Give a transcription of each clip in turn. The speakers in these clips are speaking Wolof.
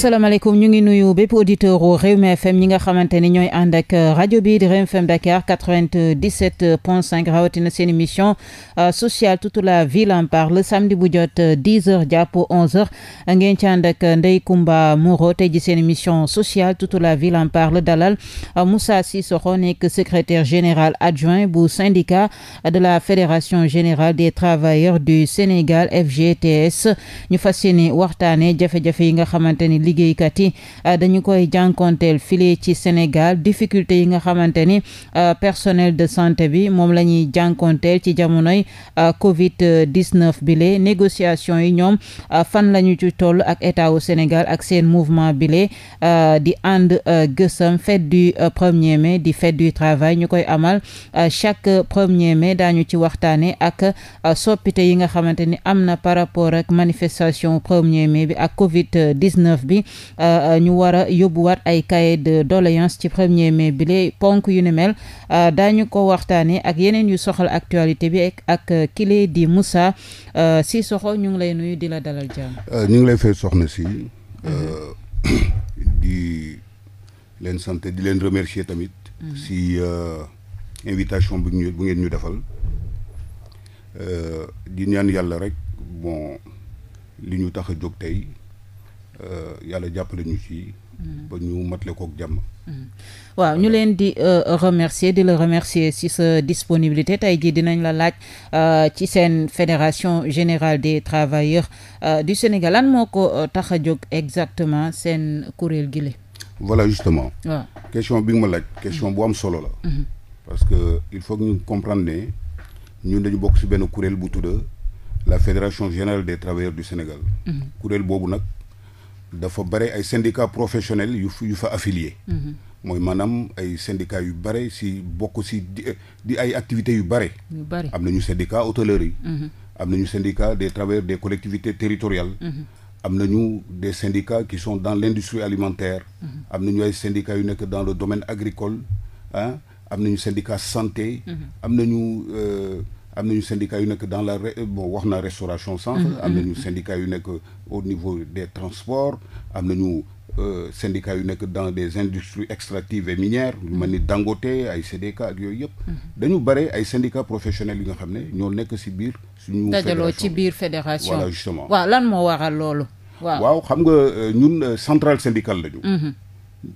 salaamaaleykum ñu ngi nuyu bépp auditeur u FM ñi nga xamante ni ñooy ànd ak euh, rajo bi di Rewmi FM Dakar 97 point 5 rawatina seen émission euh, sociale toute la ville en parle samedi bu jot 10 euh, heures jàpp 11 heures ngeen ci ànd ak Ndeye Comba Moreau tey ji seen émission sociale toute la ville en parle dalal Moussa Cissokho nekk secrétaire général adjoint bu syndicat de la fédération général des travailleurs du Sénégal FGTS ñu fas yéene waxtaane jafe-jafe yi nga xamante ni liggéeykat yi euh, dañu koy jànkonteel file ci Sénégal difficulté yi nga xamante ni euh, personnel de santé bi moom la ñuy jànkonteel ci jamonoy euh, Covid 19 bile négociation yi ñoom fan lañu ci toll ak état wu Sénégal ak seen mouvement bile di ànd gësam fête du premier mai di fête du travail ñu koy amal chaque premier mai daañu ci waxtaane ak soppite yi nga xamante am na par rapport ak manifestation premier mai bi ak Covid bi Euh, euh, ñu war a yóbbuwaat ay cahier de doléance ci premier mai bile ponk yu ni mel euh, daañu ko waxtaanee ak yeneen yu soxal actualité bi ak kile di si Cissokho ñu ngi lay nuyu di la dalal jàmm. ñu ngi lay fay soxna si. di leen sant di leen remercier tamit. Mm. si invitation bu ñu bu ngeen ñu defal. di ñaan yàlla rek li ñu tax jóg tey Euh, yàlla jàppale ñu ci. Mm. ba ñu matale kook jàmm. Mm. waaw ñu leen di euh, remercier di la remercier si sa disponibilité tey jii dinañ la laaj euh, ci seen fédération général des travailleurs du Sénégal lan moo ko tax a jóg exactement seen kuréel gi la. voilà justement. waaw question bi nga ma laaj. question bu am solo la. Mm-hmm. parce que il faut ñu comprendre ne ñun dañu bokk si benn kuréel bu tudd la fédération générale des travailleurs du Sénégal. Mm-hmm. kuréel boobu nag. dafa bare ay syndicats professionnels yu yu fa affilié mhm. mooy maanaam ay syndicats yu bare si bokk si di, ay activités yu bare am nañu syndicat hôtellerie mhm. am nañu syndicat des travailleurs des collectivités territoriales mhm. am nañu des syndicats qui sont dans l'industrie alimentaire am nañu ay syndicats yu nekk dans le domaine agricole ah am nañu syndicat santé am ñu am nañu syndicat yu nekk dans la euh, bon wax na restauration centre mm-hmm. am na ñu mm-hmm. syndicat yu nekk au niveau des transports am na nañu euh, syndicat yu nekk dans des industries extractives et minières ñu mel ni mm-hmm. Dangote ay CDK yooyu yëpp dañu bare ay syndicat professionnel yi nga xam ne ñoo nekk ci biir suñu dajaloo ci biir fédération voilà justement waaw lan moo waral loolu waaw xam nga euh, ñun central syndicale lañu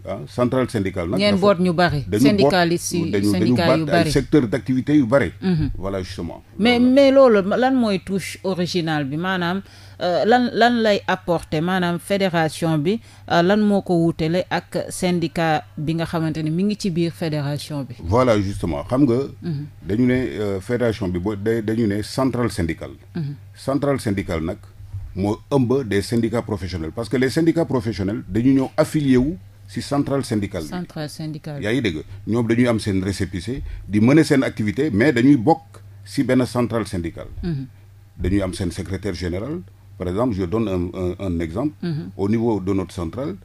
ah centrale syndicale nag. ngeen boot ñu bari. syndicaliste yu syndicat yu bari secteur d' activité yu bari. voilà justement. mais mais loolu lan mooy touche originale bi maanaam euh, lan lan lay apporter maanaam fédération bi euh, lan moo ko wuutale ak syndicat bi nga xamante ne mi ngi ci biir fédération bi. voilà justement xam nga. Mhm. dañu ne euh, fédération bi boo dañu ne central syndicale. Mhm. centrale syndicale nag moo ëmb des syndicats professionnels parce que les syndicats professionnels dañu ñëw affilié wu. si centrale syndicale bi. centrale syndicale bi yaa ngi dégg ñoom dañuy am seen récépissé mener seen activité mais dañuy bokk si benn centrale syndicale. Mhm. dañuy am seen secrétaire général par exemple je donne un un, un exemple. Mm -hmm. au niveau de notre centrale.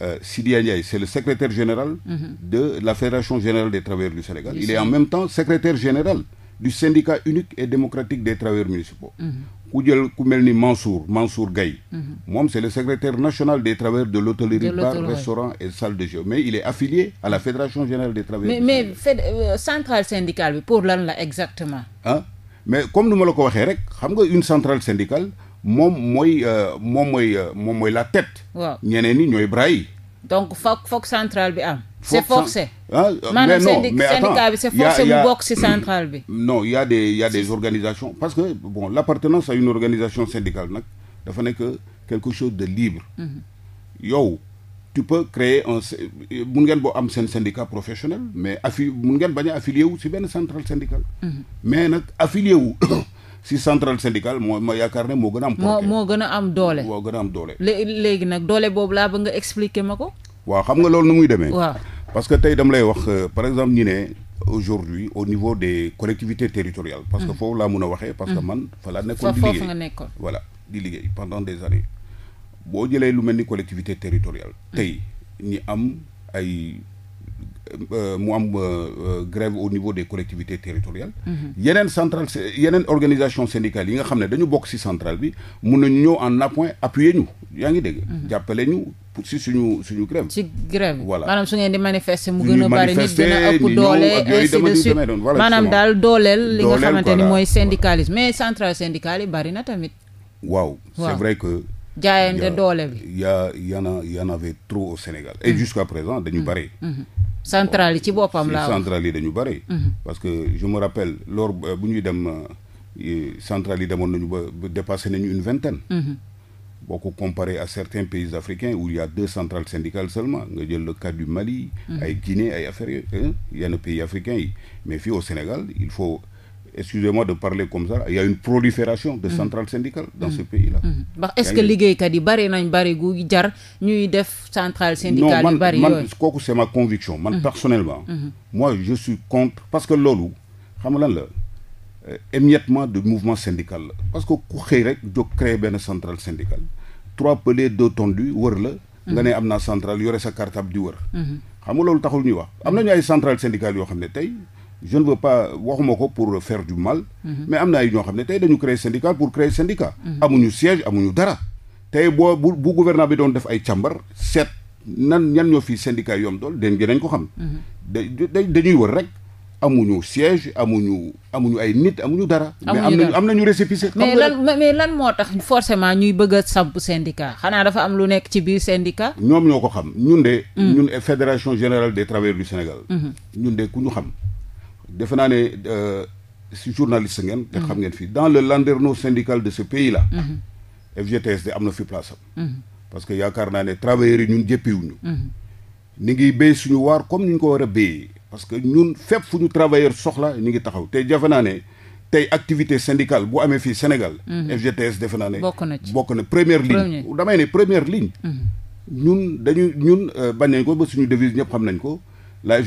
Euh, Sidia c'est le secrétaire général. Mhm. de la fédération générale des travailleurs du Sénégal. il est en même temps secrétaire général du syndicat unique et démocratique des travailleurs municipaux. Mhm. ku jël ku mel ni Mansour Mansour Gaye mhm. moom c'est le secrétaire national des travailleurs de l'hôtellerie bar restaurant et salle de jeu mais il est affilié à la fédération générale des travailleurs mais mais euh, centrale syndicale bi pour lan la exactement ah mais comme nu ma la ko waxee rek xam nga une centrale syndicale moom mooy euh, moom mooy euh, moom mooy la tet waaw ñeneen ñi ñooy bras yi donc foog foog centrale bi am c'est forcé ah mais non mais attends syndicat bi c'est forcé mu bokk centrale bi. Mm, non y de des y des organisations parce que bon l'appartenance à une organisation syndicale nag dafa nekk quelque chose de libre. Mm-hmm. yow tu peux créer un mun ngeen boo am seen syndicat professionnel mais affi mun ngeen bañ a wu ci benn centrale syndicale. Mm-hmm. mais nag affilié wu. si centrale syndicale moo ma yaakaar ne moo gën a am. moo gën am doole. moo gën a am doole. léegi nag doole boobu laa ba nga expliquer ma ko. waaw xam nga loolu nu muy demee. parce que tey dama lay wax euh, par exemple ñu ne aujourd'hui au niveau des collectivités territoriales. parce que mm. foofu laa mun a waxee. parce que mm. man fa laa nekkoon di liggéey foofu nga nekkoon. di liggéey pendant des années boo jëlee lu mel ni collectivité territoriale. Mm. tey ñi am ay. Euh, mu am euh, euh, grève au niveau des collectivités territoriales mhm. yeneen centrale yeneen organisation syndicale yi nga xam ne dañu bokk ci centrale bi mun nañu ñëw en appoint appuyer ñu yaa ngi dégg mhm. jàppale ñu pour si suñu suñu grève ci grève voilà maanaam su ngeen di manifester mu gën a bari nit gën a ëpp doole ainsi daal dooleel li nga xamante ni mooy syndicalisme mais centrale syndicale bari na tamit waaw c'est vrai que jaayante doole bi ya y en a y a avait trop au Sénégal et mm. jusqu'à présent dañu mm. bari mm-hmm. central yi ci boppam laa wax yi dañu bari mm-hmm. parce que je me rappelle lors euh, bu ñuy dem euh, central yi demoon nañu ba dépassé nañu une vingtaine mm-hmm. boo ko comparé a certains pays africains où il a deux centrales syndicales seulement nga jël le cas du Mali ay Guinée ay affaires africains yi mais fi au Sénégal il faut excusez-moi de parler comme ça il une prolifération de mm-hmm. centrales syndicales dans mm-hmm. ce pays-là. Mm-hmm. ba est-ce que liggéeykat yi bari nañ bari gu jar ñuy def centrale syndicale yu bari yooyu kooku c'est ma conviction. man personnellement. moi je suis contre parce que loolu xam lan la euh, émiettement de mouvement syndical la parce que ku xëy rek jóg créer benn centrale syndicale trois pelés deux tondus wër la. nga ne am naa centrale yore sa cartable di wër. xam wax am nañu ay centrales syndicales yoo xam ne tey. je ne veux pas waxuma ko pour faire du mal. Mhm. mais am na ay ñoo xam ne tey dañu créer syndicat pour créer syndicat. Mhm. amuñu siège amuñu dara. tey boo bu bu bi doon def ay càmbar seet nan ñan ñoo fi syndicat yoom dool den dinañ ko xam. Mhm. dañuy wër rek. amuñu siège amuñu amuñu ay nit amuñu dara. mais am na am nañu récépissé. mais lan mais lan moo tax forcément ñuy bëgg a samp syndicat xanaa dafa am lu nekk ci biir syndicat. ñoom ñoo ko xam ñun de. ñun fédération générale des travailleurs du Sénégal. ñun de ku ñu xam. defe naa ne euh, si journaliste ngeen. te xam ngeen fi dans le landerneau syndical de ce pays là. Mhm. FGTSD am na fi place am. Mhm. parce que yaakaar naa ne travailleurs yi ñun jëppiwuñu. Mhm. ni ngi béy suñu waar comme ni ñu ko war a béyee parce que ñun fépp fu ñu travailleur soxla ñu ngi taxaw te jafe naa ne tey activité syndicale bu amee fii Sénégal. FGTS defe naa ne. bokk na ci bokk na première ligne. damay ne première ligne. ñun dañu ñun euh, bañ nañ ko ba suñu devise ñëpp xam nañ ko la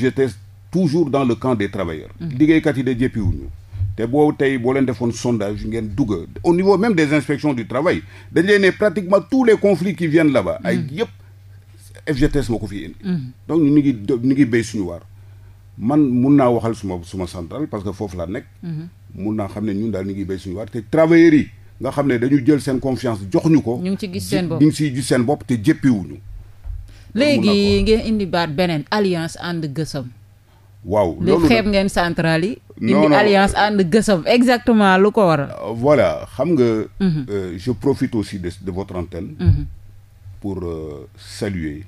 toujours dans le camp des travailleurs. Mm. liggéeykat yi de jéppiwuñu te boo tey boo leen defoon sondage ngeen dugg au niveau même des inspections du travail dañ leen pratiquement tous les conflits qui viennent là-bas. ay mm. yëpp FGTS moo ko fi indi. Mm. donc ñu ngi ñu suñu waar. man mun naa waxal suma suma central parce que foofu laa nekk. Mm-hmm. mun naa xam ne ñun daal ñu ngi béy suñu waar te travailleurs yi nga xam ne dañu jël seen confiance jox ñu ko. ñu ngi gis seen bopp te jéppiwuñu léegi waaw loolu xeeb ngeen central yi. non indi alliance ànd gësam exactement lu ko waral. Euh, voilà xam nga. Mhm. Euh, je profite aussi de de votre antenne. Mhm. pour euh, saluer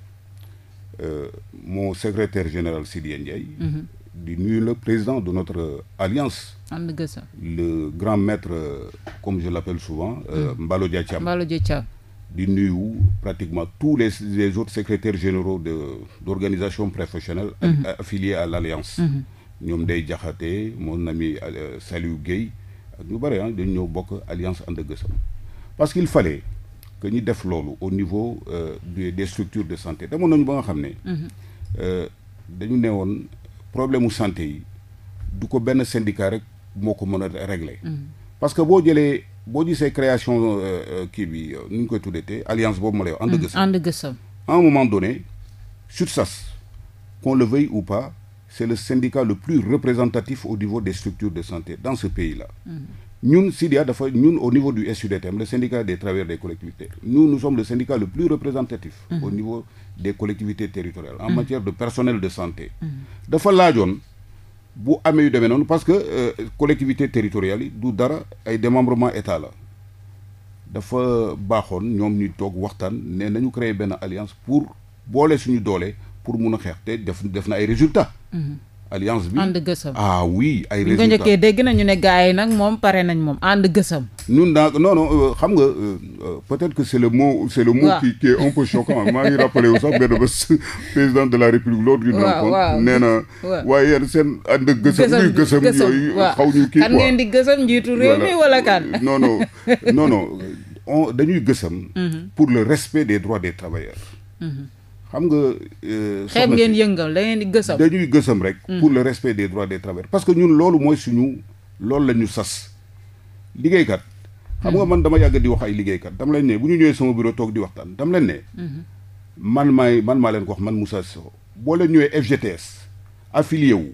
euh, mon secrétaire général Sidya Ndiaye. Mhm. di nuyu le président de notre alliance. ànd gësam le grand maître euh, comme je l' appelle souvent. Euh, Mbalo Dia Thiam Mbalo Dia di nuyu pratiquement tous les les autres secrétaires généraux de d'organisations professionnelles. Mhm. affiliées a l'alliance. Mhm. ñoom day jaxate mon ami euh, Saliou Guèye ak ñu bëri ah dañ ñëw bokk alliance ànd ak gësam parce qu'il fallait que ñu def loolu au niveau euh, des structures de santé demoon nañu ba nga xam ne. Mhm. Euh, dañu ne woon problème mu santé yi du ko benn syndicat rek moo ko mën a régler. parce que boo jëlee. boo gisee création euh, euh, kii bi euh, nu ñu koy tuddee alliance boobu ma lay wax. ànd hmm, gësëm ànd gësëm. à un moment donné SUTSAS qu'on le veuille ou pas c'est le syndicat le plus représentatif au niveau des structures de santé dans ce pays-là. Hmm. ñun SYDIA dafa ñun au niveau du SUDTM le syndicat des travailleurs des collectivités nous nous sommes le syndicat le plus représentatif. Hmm. au niveau des collectivités territoriales. en matière de personnel de santé. dafa laajoon. bu amee yu demee noonu parce que euh, collectivité territoriale yi du dara ay démembrement état la dafa baaxoon ñoom ñu toog waxtaan ne nañu créer benn alliance pour boole suñu doole pour mun a xeex te def def na ay résultats. Mm-hmm. alliance bi ànd gësëm. ah oui ay résultats bu ñu ko nañu ne gars yi nag moom pare nañ moom ànd gësëm. ñun daal non non euh, xam nga euh, euh, peut-être que le mot. c'est le mot qui de la république l'autre d'une rencontre nee na waaye yéen seen ànd gësëm. gësëm gësëm non dañuy gësëm. Mhm. pour le respect des droits des travailleurs. Mhm. xam nga. Euh, xeeb ngeen yëngal da ngeen di gësam dañuy gësam rek. Hmm. pour le respect des droits des travailleurs parce que ñun loolu mooy suñu loolu la ñu sas liggéeykat. xam nga hmm. man dama yàgg di wax ay liggéeykat dama leen ne bu ñu ñëwee sama bureau di waxtaan dama leen ne. Hmm. man maay man maa leen ko wax man Moussa Sow boo leen ñëwee FGTS affilié wu.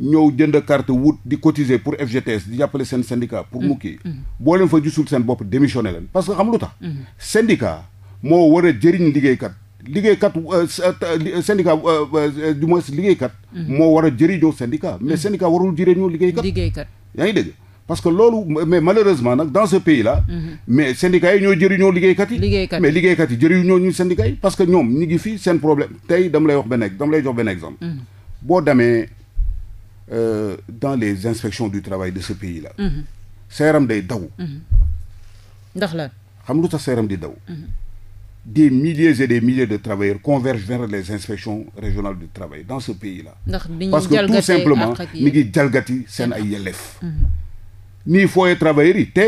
ñëw jënd carte wut di cotiser pour FGTS di jàppale seen syndicat pour mu kii. boo leen fa gisul seen bopp démissionné leen parce que xam lu tax. syndicat moo war a jëriñ liggéeykat. liggéeykat euh, euh, syndicat euh, du moins liggéeykat. Mhm. moo war a jëriñoo syndicat. mais mhm. syndicat warul jëriñoo liggéeykat. liggéeykat yaa ngi dégg. parce que loolu mais malheureusement nag dans ce pays là. Mhm. mais syndicats yi ñoo jëriñoo liggéeykat yi. liggéeykat yi mais liggéeykat yi jëriñoo ñu syndicats yi. parce que ñoom ñu ngi fii seen problème tey dama lay wax benn dama lay jox benn exemple. boo demee dans les inspections du travail de ce pays la sa yaram day daw. ndax la xam lu tax sa yaram di daw. des milliers et des milliers de travailleurs convergent vers les inspections régionales du travail dans ce pays-là. ndax parce que tout simplement mi ngi jalgati seen ay yelleef. Mhm. nii fooyee travailleurs yi te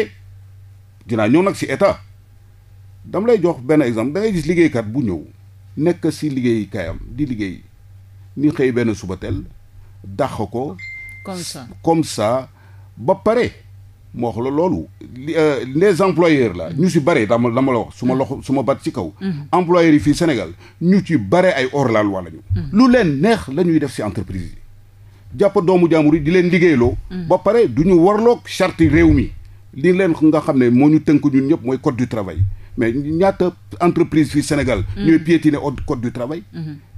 dinaa ñëw nag ci état dama lay jox benn exemple da ngay liggéeykat bu ñëw nekk ci liggéey kayam di liggéey ni xëy benn suba teel dàq ko. comme ça comme ça ba pare. moo wax la loolu euh, les la ñu si bare dama dama la wax su ma loxo su ma bat ci kaw mhm. employeurs yi fii Sénégal ñu ci bare ay hors la loi la ñu mhm. lu leen neex la ñuy def si entreprise yi jàpp doomu jaamur yi di leen liggéeyloo mhm. ba pare du ñu warloog charte réew mi li leen nga xam ne moo ñu tënk ñun ñëpp mooy code du travail mais ñaata entreprise fii Sénégal ñooy piétiner code du travail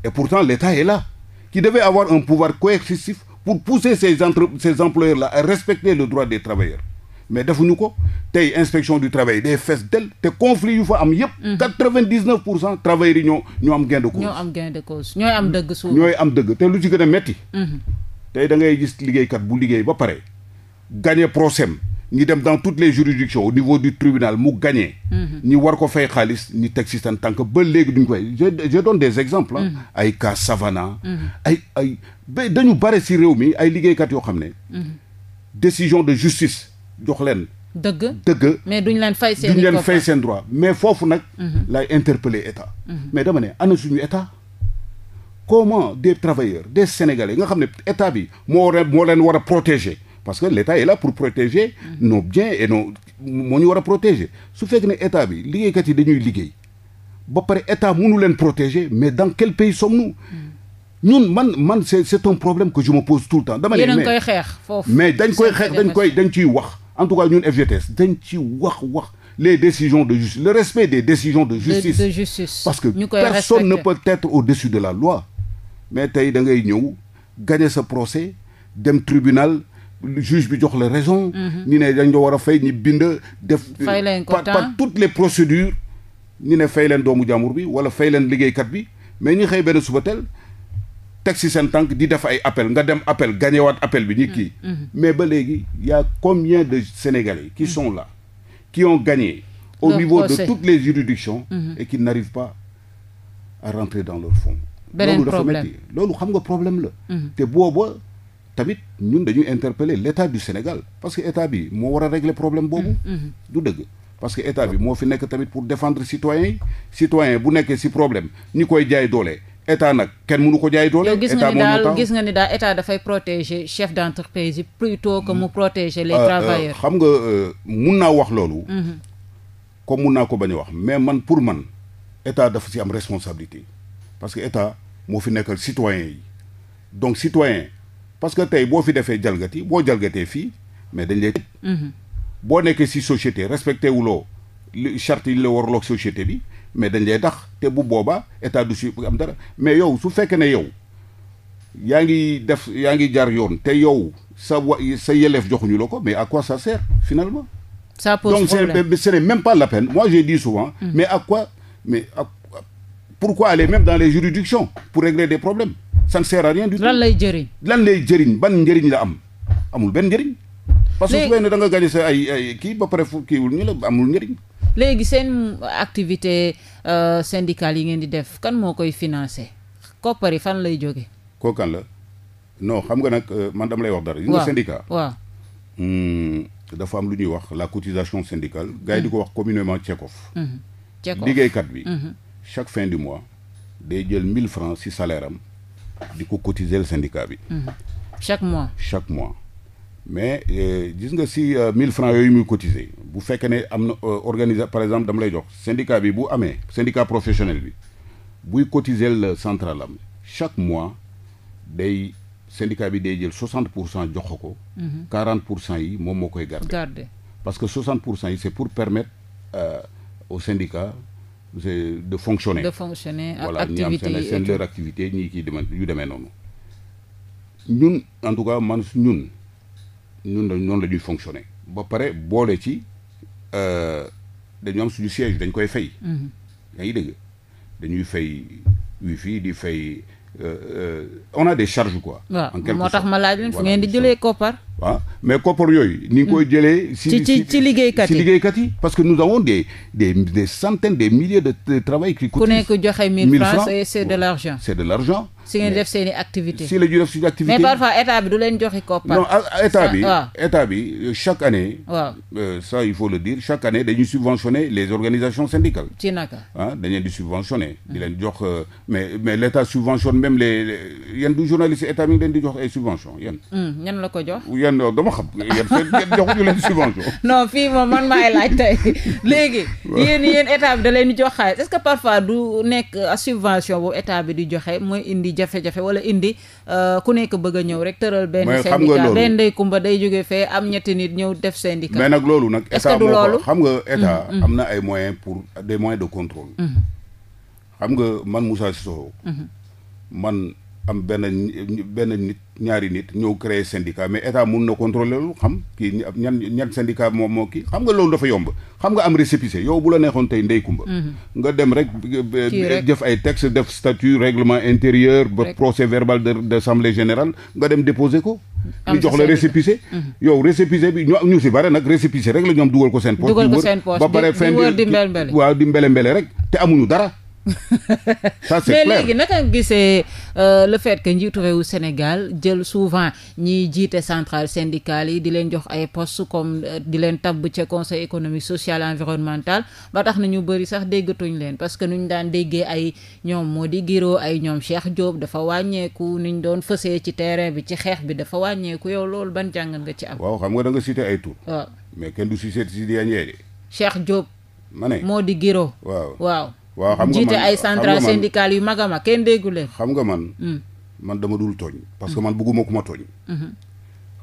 et pourtant l'État est là qui devait avoir un pouvoir coercitif pour pousser ces entre ces employeurs là à mais defuñu ko tey inspection du travail day fees del te conflit yu fa am yëpp. Mhm. quatre-vingt-dix-neuf pour cent travailleurs yi ñoo ñoo am gain de cause. ñoo am gain ñooy am dëgg te lu ci gën a metti. Mhm. tey da ngay gis liggéeykat bu liggéey ba pare gagné procès ñi dem dans toutes les juridictions au niveau du tribunal mu gagné. Mhm. ñi war ko fay xaalis ñi teg si seen tànk ba léegi duñ koy je je donne des exemples. ay cas Savana. ay ay ba dañu bare si réew mi ay liggéeykat yoo xam ne. décision de justice. jox leen. dëgg dëgg. mais duñ leen fay seen duñ leen fay seen droit mais foofu nag. Mhm. lay interpeller état. Mhm. mais dama ne ana suñu état. comment des travailleurs des sénégalais nga xam ne état bi moo war moo leen war a protéger parce que l' état la pour protéger. Mhm. no biens et nos moo ñu war a protéger su fekkee ne état bi liggéeykat yi dañuy liggéey ba pare état nu leen protégé mais dans quel pays sommes-nous. ñun man man c' est c' est un problème que je me pose tout le temps. dama ne mais yéen a ngi koy xeex mais dañ koy xeex dañ koy dañ ciy wax. en tout cas ñun FGTS dañ ci wax wax les décisions de justice le respect des décisions de justice. de, de justice parce que personne ne peut être au-dessus de la loi. mais tey da ngay ñëw gagner sa procès dem tribunal juge bi jox la raison. ñu mhm. ne dañ dañoo war a fay ñu bind def. fay leen ko par toutes les procédures. ñu ne fay leen doomu jàmbur bi wala fay leen liggéeykat bi mais ñu xëy benn suba teel teg si seen tànk di def ay appel nga dem appel gagné waat appel bi nit kii mm. mm-hmm. mais ba léegi y combien de Sénégalais qui mm-hmm. sont la qui ont gagné au Donc, niveau de toutes les juridictions mm-hmm. et qui n'arrivent pas a rentrer dans leur fonds loolu xam nga problème la te booba tamit ñun dañuy interpeller l'état du Sénégal parce état bi moo war a régler problème boobu du dëgg parce que état bi moo fi nekk tamit pour défendre citoyens yi citoyen bu nekkee si problème ñi koy jaay doole état nag kenn mënu ko jaay doole. état moom daal gis nga ni daal état dafay protéger chef d' entreprise yi plutôt que mu mm. protéger les euh, euh, travailleurs. xam nga euh, mun naa wax loolu. Mm-hmm. comme mun naa ko ba a wax mais man pour man état dafa si am responsabilité parce que état moo fi nekkal citoyen yi donc citoyen parce que tey boo fi defee jalgati boo jalgatee fii mais dañ lay tëj. Mm-hmm. boo nekkee si société respecté wuloo charte yi la warloog société bi. mais dañ lay tax te bu boobaa état du ci am dara mais yow su fekkee ne yow yaa ngi def yaa ngi jar yoon te yow sa wa sa yelleef joxuñu la ko mais ak quoi ça sert finalement. ça pose donc problème. ce n'est même pas la peine mois je dis souvent. Mm. mais ak quoi mais pour pourquoi aller même dans les juridictions pour régler des problèmes ça ne sert à du tout. lan lay jëriñ. lan lay jëriñ ban njëriñ la am amul benn njëriñ. parce que su fekkee ne da nga gagné sa ay ay kii ba pare fu kiiwul ñu la amul njëriñ. léegi seen activité euh, syndicale yi ngeen di def kan moo koy financer koppar fan lay jóge kookan la non xam nga nag euh, man dama lay wax dara. waaw nga syndicat. waaw. Hmm, dafa am lu ñuy wax la cotisation syndicale. gars di ko wax communément Tchekof. Tchekof mhm. liggéeykat bi. Mhm. chaque fin du mois day jël mille francs ci salaire am di ko cotiser le syndicat bi. Mhm. chaque mois chaque mois. mais euh, gis nga si 1000 euh, francs yooyu muy cotiser bu fekkee ne am na euh, organiser par exemple dama lay jox syndicat bi bu amee syndicat professionnel bi buy cotiser le central am chaque mois day syndicat bi day jël 60 pour cent jox ko. 40 mhm. pour cent yi moom moo koy garder. garder parce que 60 pour cent yi c'est pour permettre euh, au syndicat. c'est de fonctionner. de fonctionner ak activité ñi am seen seen activité ñi kii demee yu demee noonu. ñun en tout cas man ñun. ñun la noonu la ñuy fonctionner ba pare boole ci euh, dañu am suñu siège dañ koy fay mm-hmm. yaa ngi dégg dañuy fay wifi di fay euh, euh, on a des charges quoi en moo tax ma laaj leen fu ngeen di jëlee koppar ah mais koppar yooyu. ni nga koy mm. jëlee. ci ci ci liggéeykat yi ci liggéeykat yi parce que nous avons des des des centaines des milliers de travail qui coûtent. ku nekk joxe 1000 francs c'est de l'argent. c'est de l'argent. si ngeen def seen la ñuy def seen activité mais parfois état bi du leen joxe koppar. non ah, ah. état bi état euh, bi chaque année. waaw euh, ça il faut le dire chaque année dañuy subventionner les organisations syndicales. ci naka ah dañu leen di subventionner. di leen jox euh, mais mais l'État subventionne même les yan du journaliste état mi ngi leen di jox ay subventions yan. Hmm, ñan leen wax dama xam yéen seen fii moom man maay laaj tey léegi. yéen yéen état bi da leen di jox xaalis est-ce que parfois du nekk subvention boobu état bi di joxe mooy indi jafe-jafe wala indi euh, ku nekk bëgg a ñëw rek tëral benn. syndicat benn day kumba day jóge fee am ñetti nit ñëw def syndicat. mais nag loolu nag. est-ce que xam nga mm-hmm, état mm-hmm. am na ay moyens pour des moyens de contrôle. Mm-hmm. xam nga man Moussa Cissokho. man. am benn benn nit ñaari nit ñëw créer syndicat mais état mun na contrôler lu xam kii ñan ñan syndicat moom moo kii xam nga loolu dafa yomb xam nga am récépissé yow bu la neexoon tey ndey kumba mhm. nga dem rek def eh, ay texte def statut règlement intérieur ba procès verbal de assemblée générale nga dem déposer ko li jox la récépissé mhm. yow récépissé bi ñu ñu si bare nag récépissé rek la ñoom dugal ko seen poche ba pare fin waaw di mbele mbele rek te amuñu ça c'est clair mais léegi naka gisee euh, le fait que njiitu réewu Sénégal jël souvent ñiy jiite centrale syndicale yi di leen jox ay post comme euh, di leen tab ca conseil économique social environnemental ba tax na ñu bëri sax déggatuñ leen parce que nu ñu daan déggee ay ñoom moo di Guiro ay ñoom Cheikh Diop dafa wàññeeku ni ñu doon fësee ci terrain bi ci xeex bi dafa wàññeeku yow loolu ban jàngat nga ci am. waaw xam nga da nga cité ay tur. waaw mais kenn du cité Sidy moo di Guiro. waaw waaw xam nga man jiite ay centrales syndicales yu mag kenn déggu xam nga man. Hmm. man dama dul tooñ. parce que hmm. man bëgguma ku ma tooñ. Hmm.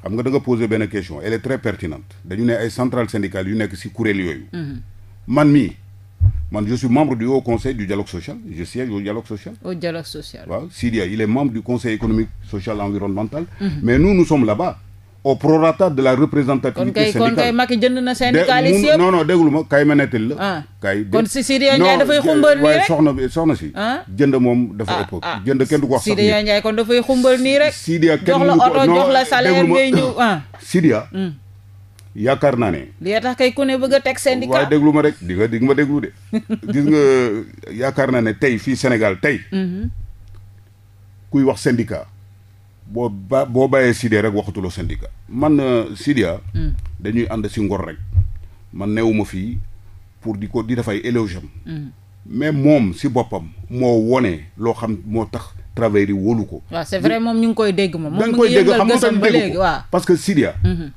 xam nga da nga benn question elle est très pertinente dañu ne ay centrales syndicales yu nekk si kuréel yooyu. man mii man je suis membre du haut conseil du dialogue social je siège au dialogue social. au dialogue social waaw Sidia mais nous nous sommes là-bas. au prorata de la représentativité syndicale kon kay kon kay Macky jënd na syndicaliste yëpp non non ma kay ma nettali la. ah kay kon si Sidya Ndiaye dafay xumbal nii rek ah. moom dafa ah, ëpp. Ah. jënd kenn du ko wax sax Sidya Ndiaye kon dafay xumbal nii rek. Sidya kenn hmm. yaakaar naa ne. li tax kay ku ne bëgg a teg syndicat waaye déglu ma rek di nga di nga ma déglu de. gis nga yaakaar naa ne tey fii Sénégal tey. Mhm. kuy wax syndicat. boo ba boo bàyyee side rek waxatuloo syndicat man euh, Sidia hmm. dañuy ànd si ngor rek man newuma fii pour di ko di dafay éloge am hmm. mais moom si boppam moo wone loo xam moo tax travailleurs yi wóolu ko waaw c'est vrai moom ñu ngi koy dégg moom moom mu ngi yëngal gësam ba léegi waaw parce que Sidia hmm,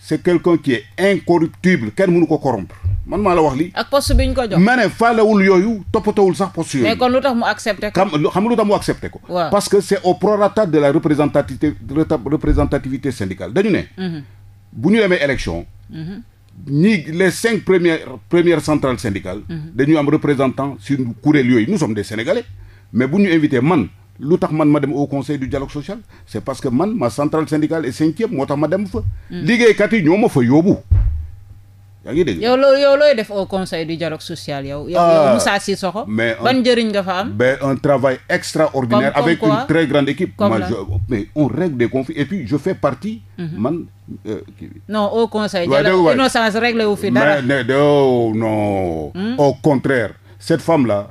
c'est quelqu'un qui est incorruptible kenn mënu ko corrompre man maa la wax lii. ak poste bi ñu ko jox. ma ne faalewul yooyu toppatawul sax poste yooyu. mais kon lu tax mu accepté ko. xam lu tax mu accepté ko. waaw parce que c'est au prorata de la représentativité syndicale dañu ne. Mhm. bu ñu demee élection. Mhm. ñii les cinq premières premières centrales syndicales. Mhm. dañu am représentant sur kuréel yooyu nous sommes des sénégalais mais bu ñu invité man. lu tax man ma dem au conseil du dialogue social c'est parce que man ma centrale syndicale est cinquième moo tax ma dem fa. Hmm. liggéeykat yi ñoo ma fa yóbbu. yaa ngi dégg yow loo yow looy def au conseil du dialogue social yow. yow ah, Moussa Sissoko. mais ban njëriñ nga fa am. mais un travail extraordinaire. Comme, avec comme une très grande équipe. comme Moi, je, mais on règle des conflits et puis je fais partie. Mhm. man euh, non au conseil. waay ouais, ouais. innocence réglé wu fi dara. mais oh, ne hmm? au contraire cette femme là.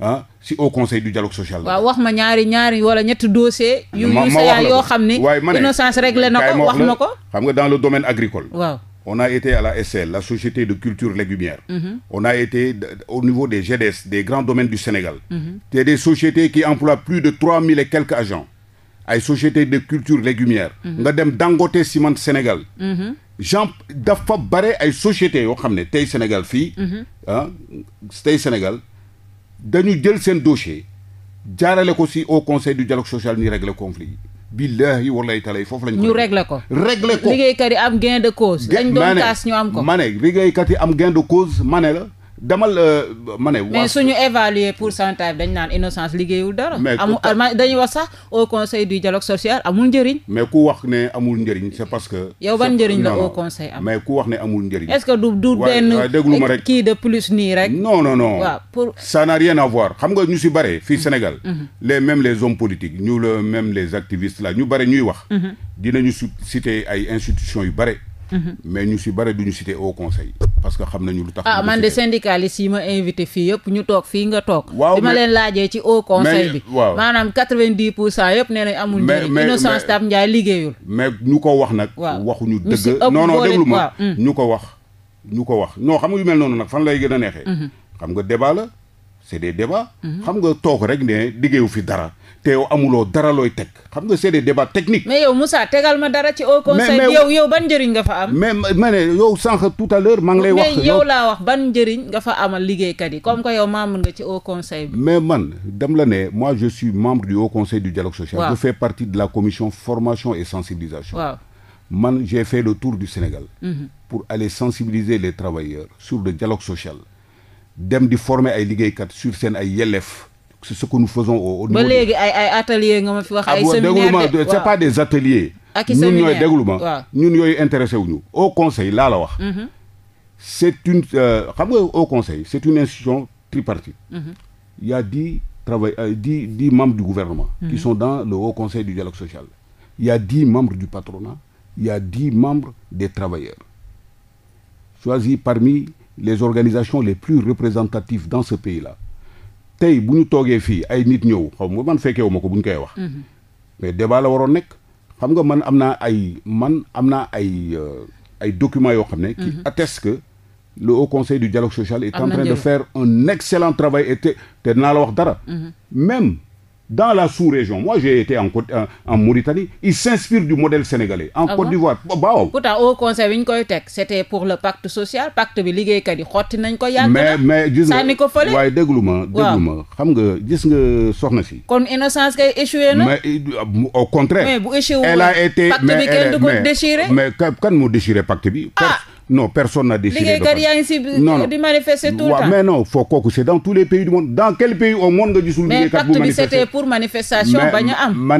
ah si au conseil du dialogue social. waaw wax ma ñaari ñaari wala ñetti dossier yu yu sa yoo xam ne waaye ma ne innocence réglé na ko wax na ko. xam nga dans le domaine agricole. waaw on a été à la SCL la société de culture légumière. Mhm. on a été au niveau des GDS des grands domaines du Sénégal. Mhm. c'est des sociétés qui emploient plus de trois mille et quelques agents. ay société de culture légumière. Mhm. nga dem Dangote Ciment Sénégal. genre dafa bare ay sociétés yoo xam ne tey Sénégal fii. ah tey Sénégal. dañu jël seen dossier jaarale ko si au conseil du dialogue social ñu régler conflit yi billaahi wallahi taalay foofu lañ ñu régler ko régler ko liggéeykat yi am gain de cause dañ doon kaas ñu am ko ma ne liggéeykat yi am gain de cause ma ne la demal euh, ma ne. mais suñu évaluer pourcentage dañ naan innocence liggéeyul dara. mais amul dañuy wax sax au conseil du dialogue social amul njëriñ. mais ku wax ne amul njëriñ c'est parce que. yow ban njëriñ la au conseil am mais ku wax ne amul njëriñ. est-ce que du du benn déglu ma rek kii de plus nii rek. non non non waaw pour. xam nga ñu si bare fii mhm. Sénégal. Mhm. le même les hommes politiques ñu le même les activistes là ñu bare ñuy wax. Mhm. dinañu citer ay institutions yu bare. Mhm. mais ñu si bari du ñu cité au conseil. parce que xam nañu lu tax. ah man de syndicaliste yi ma invité fii yëpp ñu toog fii nga toog. waaw bi ma leen laajee ci au conseil bi. waaw maanaam quatre-vingt-dix pour cent yëpp nee nañ amul. mais mais innocence Tab Ndiaye liggéeyul. mais ñu ko wax nag. waaw waxuñu dëgg non non déglu ma mm. ñu ko wax. ñu ko wax non xam nga yu mel noonu nag fan lay gën a neexee. Mhm. xam nga débat la c'est des débats. Mhm. xam nga toog rek ne liggéeyu fi dara. te yow amuloo dara looy teg xam nga c'est des débats techniques. mais yow Moussa tegal ma dara ci au conseil. mais yow yow ban njëriñ nga fa am. mais ma ngi lay. wax laa wax ban njëriñ nga fa liggéey liggéeykat yi comme que yow membre nga ci au conseil mais man dem la ne moi je suis membre du haut conseil du dialogue social. waaw je fais partie de la commission formation et sensibilisation. man j'ai fait le tour du Sénégal. Mhm. pour aller sensibiliser les travailleurs sur le dialogue social. dem di former ay liggéeykat sur seen ay yelleef. ce que nous faisons au, niveau. ba léegi ay ay ateliers nga ah pas des ateliers. ak ñun ñooy déglu ma ñun yooyu intéressé wuñu au conseil laa la wax. Mhm. c'est une euh, xam nga au conseil c'est une institution tripartite. Mhm. il y a dix travail euh, dix membres du gouvernement. qui mhm. sont dans le haut conseil du dialogue social. il y a dix membres du patronat. il y a dix membres des travailleurs. choisis parmi les organisations les plus représentatives dans ce pays-là. tey bu ñu toogee fii ay nit ñëw xaw nga man fekkeewu ma ko buñ ñu koy wax. Mhm. mais débat la waroon nekk xam nga man am naa ay man am naa ay euh, ay documents yoo xam ne. qui mhm. attestent que le haut conseil du dialogue social est en de faire un excellent travail et te naa la wax dara. Mhm. même. dans la sous-région moi j'ai été en Côte en, euh, en Mauritanie ils s'inspirent du modèle sénégalais. en ah Côte d'Ivoire waaw. pourtant au conseil bi ñu koy teg c'était pour le pacte social pacte bi liggéeykat yi xotti nañ koy yàgg na mais mais gis nga sànni ko fële. waaye déglu ma xam nga gis nga soxna si. kon innocence kay échoué na. mais euh, au contraire. mais bu échoué pacte bi kenn du ko déchiré. mais kan moo déchiré pacte bi. ah non personne n'a décidé. liggéeykat yaa ngi si di manifester tout le temps mais non foo kooku c' est dans tous les pays du monde dans quel pays au monde nga gisul. liggéeykat bu manifester mais manifestation bañ am. ma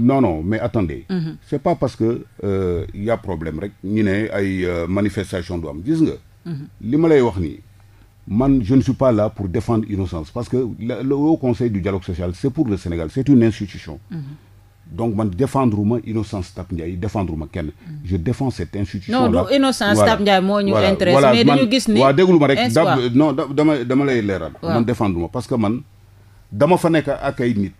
non non mais attendez. Mm pas parce que euh, problème rek ñu ne ay euh, manifestation du am gis nga. Mhm. li ma lay wax ni man je ne suis pas là pour défendre innocence parce que le Haut Conseil du dialogue social c'est pour le Sénégal c'est une institution mhm. donc man défendre ma Innocence Ntap Ndiaye défendre ma kenn. je défends cette institution là. non du Innocence Ntap Ndiaye moo ñu. intéresse mais dañu gis ni. waaw déglu ma rek dama dama lay leeral. man défendre ma parce que man dama fa nekk ak ay nit.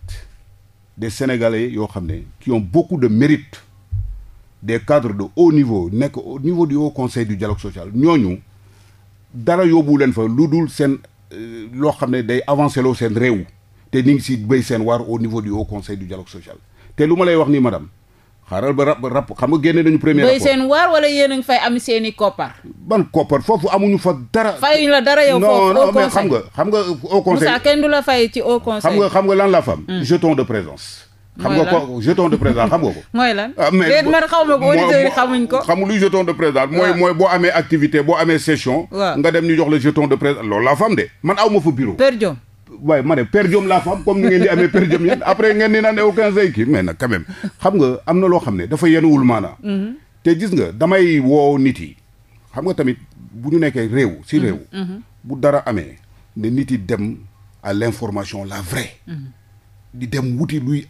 de sénégalais yoo xam ne qui ont beaucoup de mérite. des cadres de haut niveau nekk au niveau du haut conseil du dialogue social ñooñu dara yóbbu leen fa lu dul seen euh, loo xam ne day avancer loo seen réew te ni ngi si béy seen waar au niveau du conseil du dialogue te lu ma lay wax nii madame xaaral ba rap rap xam nga génne nañu premier rapport doy seen waar wala yéen a ngi fay am seeni i koppar. ban koppar foofu amuñu fa dara. fayuñu la dara yow foofu non non nga xam nga au conseil Moussa kenn du la fay ci au conseil. xam nga xam nga lan la femme. jeton de présence. xam nga ko jeton de président xam nga ko. mooy la ah, déet man xaw ma ko auditeurs yi xamuñ ko. xam luy jeton de président mooy boo amee activité boo amee session. nga dem ñu jox la jeton de président loolu laa fam de man aw ma fa bureau. waaye ma ne per diem laa fa am comme ngeen di amee per diem yéen après ngeen di naan aucun say kii mais xam nga am na loo xam ne dafa yenuwul maanaa mhm. te gis nga damay woo nit yi xam nga tamit bu ñu nekkee réew si mhm. réew mhm. bu dara amee ne nit yi dem à l'information la vraie di dem wuti luy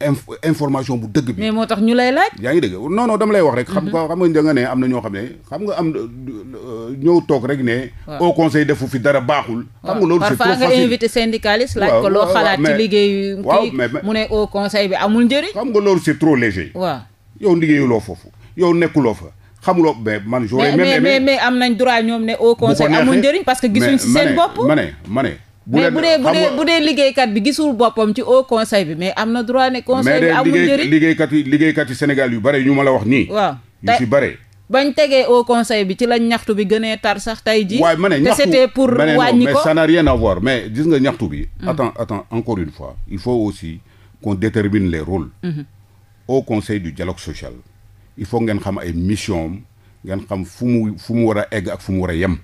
information bu dëgg bi. mais moo tax ñu lay laaj. yaa ngi dëgg non non dama lay wax rek. xam mhm. nga xam nga nga ne am na ñoo xam ne xam nga am ñëw toog rek ne. au conseil defu fi dara baaxul. xam nga loolu c'est trop facile parfois nga invité syndicaliste. laaj ko loo xalaat ci liggéeyu. waaw mais mu ne au conseil bi nañ droit ñoom ne amul njëriñ parce que gisuñ si seen bopp ma ne bu mais bu dee bu dee liggéeykat bi gisul boppam ci o conseil bi mais am na droit ne conseil bi amul njëriñ liggéeykat yi liggéeykat yi Sénégal yu bare yu ma la wax nii. waaw yu si bare. bañ tegee haut conseil bi ci la ñaxtu bi gënee tar sax tey jii. waaye ma ne ñaxtu te c'était pour wàññi ko mais ça n'a mais gis nga ñaxtu bi. Mm. attends attends encore une fois il faut aussi qu'on détermine le rôles. o mm-hmm. conseil du dialogue social. il faut ngeen xam ay mission ngeen xam fu mu fu mu war a egg ak fu mu war a yem.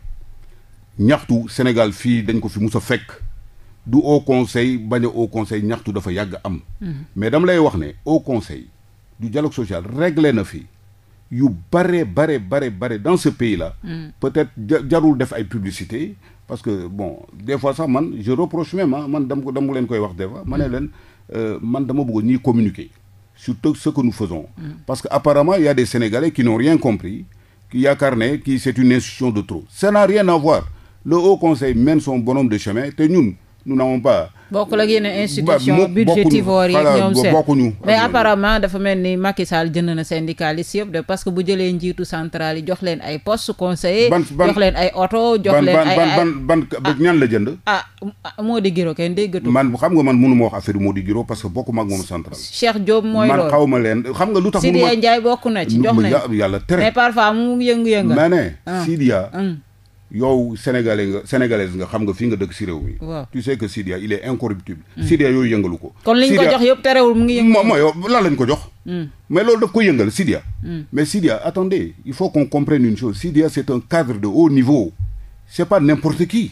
ñaxtu Sénégal fii dañ ko fi mu sa fekk du haut conseil bañ a haut conseil ñaxtu dafa yàgg am. Mm-hmm. mais dama lay wax ne haut conseil du dialogue social réglé na fi yu bare bare bare bare dans ce pays là. Mm-hmm. peut-être jarul def ay publicité parce que bon des fois sax man je reproche même ah man dama ko dama leen koy wax des ma ne mm-hmm. leen euh, man dama bëggoon ñuy communiquer sur tout ce que nous faisons. parce que apparemment il y a des Sénégalais qui n'ont rien compris qui yaakaar ne kii c'est une institution de trop. ça n'a rien à voir. le o conseil mène son bonhomme de chemin te ñun nous n'avons pas. bokkul ak yeneen institution budgétivore yi ñoom seen bokkuñu mais apparemment dafa mel ni Macky Sall jënd na syndicaliste yëpp de parce que bu jëlee njiitu central yi jox leen ay poste conseiller jox leen ay oto jox leen ay ban ban ah, ban ñan la jënd ah, ah Mody Guiro kenn déggatu man xam nga man mënu ma wax affaire Mody Guiro parce que bokk ak moom central Cheikh Diop mooy loolu man xaw ma leen xam nga lu tax Sidya Ndiaye bokk na ci jox nañ yàlla tere mais parfois yow sénégalais nga sénégalaise nga xam nga fii nga dëkk si réew mi. waaw tu sais que Sidia il est incorruptible. Hmm. Sidia yooyu yëngalu ko. kon li ñu ko jox yëpp terewul mu ngi yëngal ma yow lan ko jox. Hmm. mais loolu daf ko yëngal Sidia. Hmm. mais Sidia attendez il faut qu'on comprenne une chose Sidia c'est un cadre de niveau. c'est pas n'importe qui.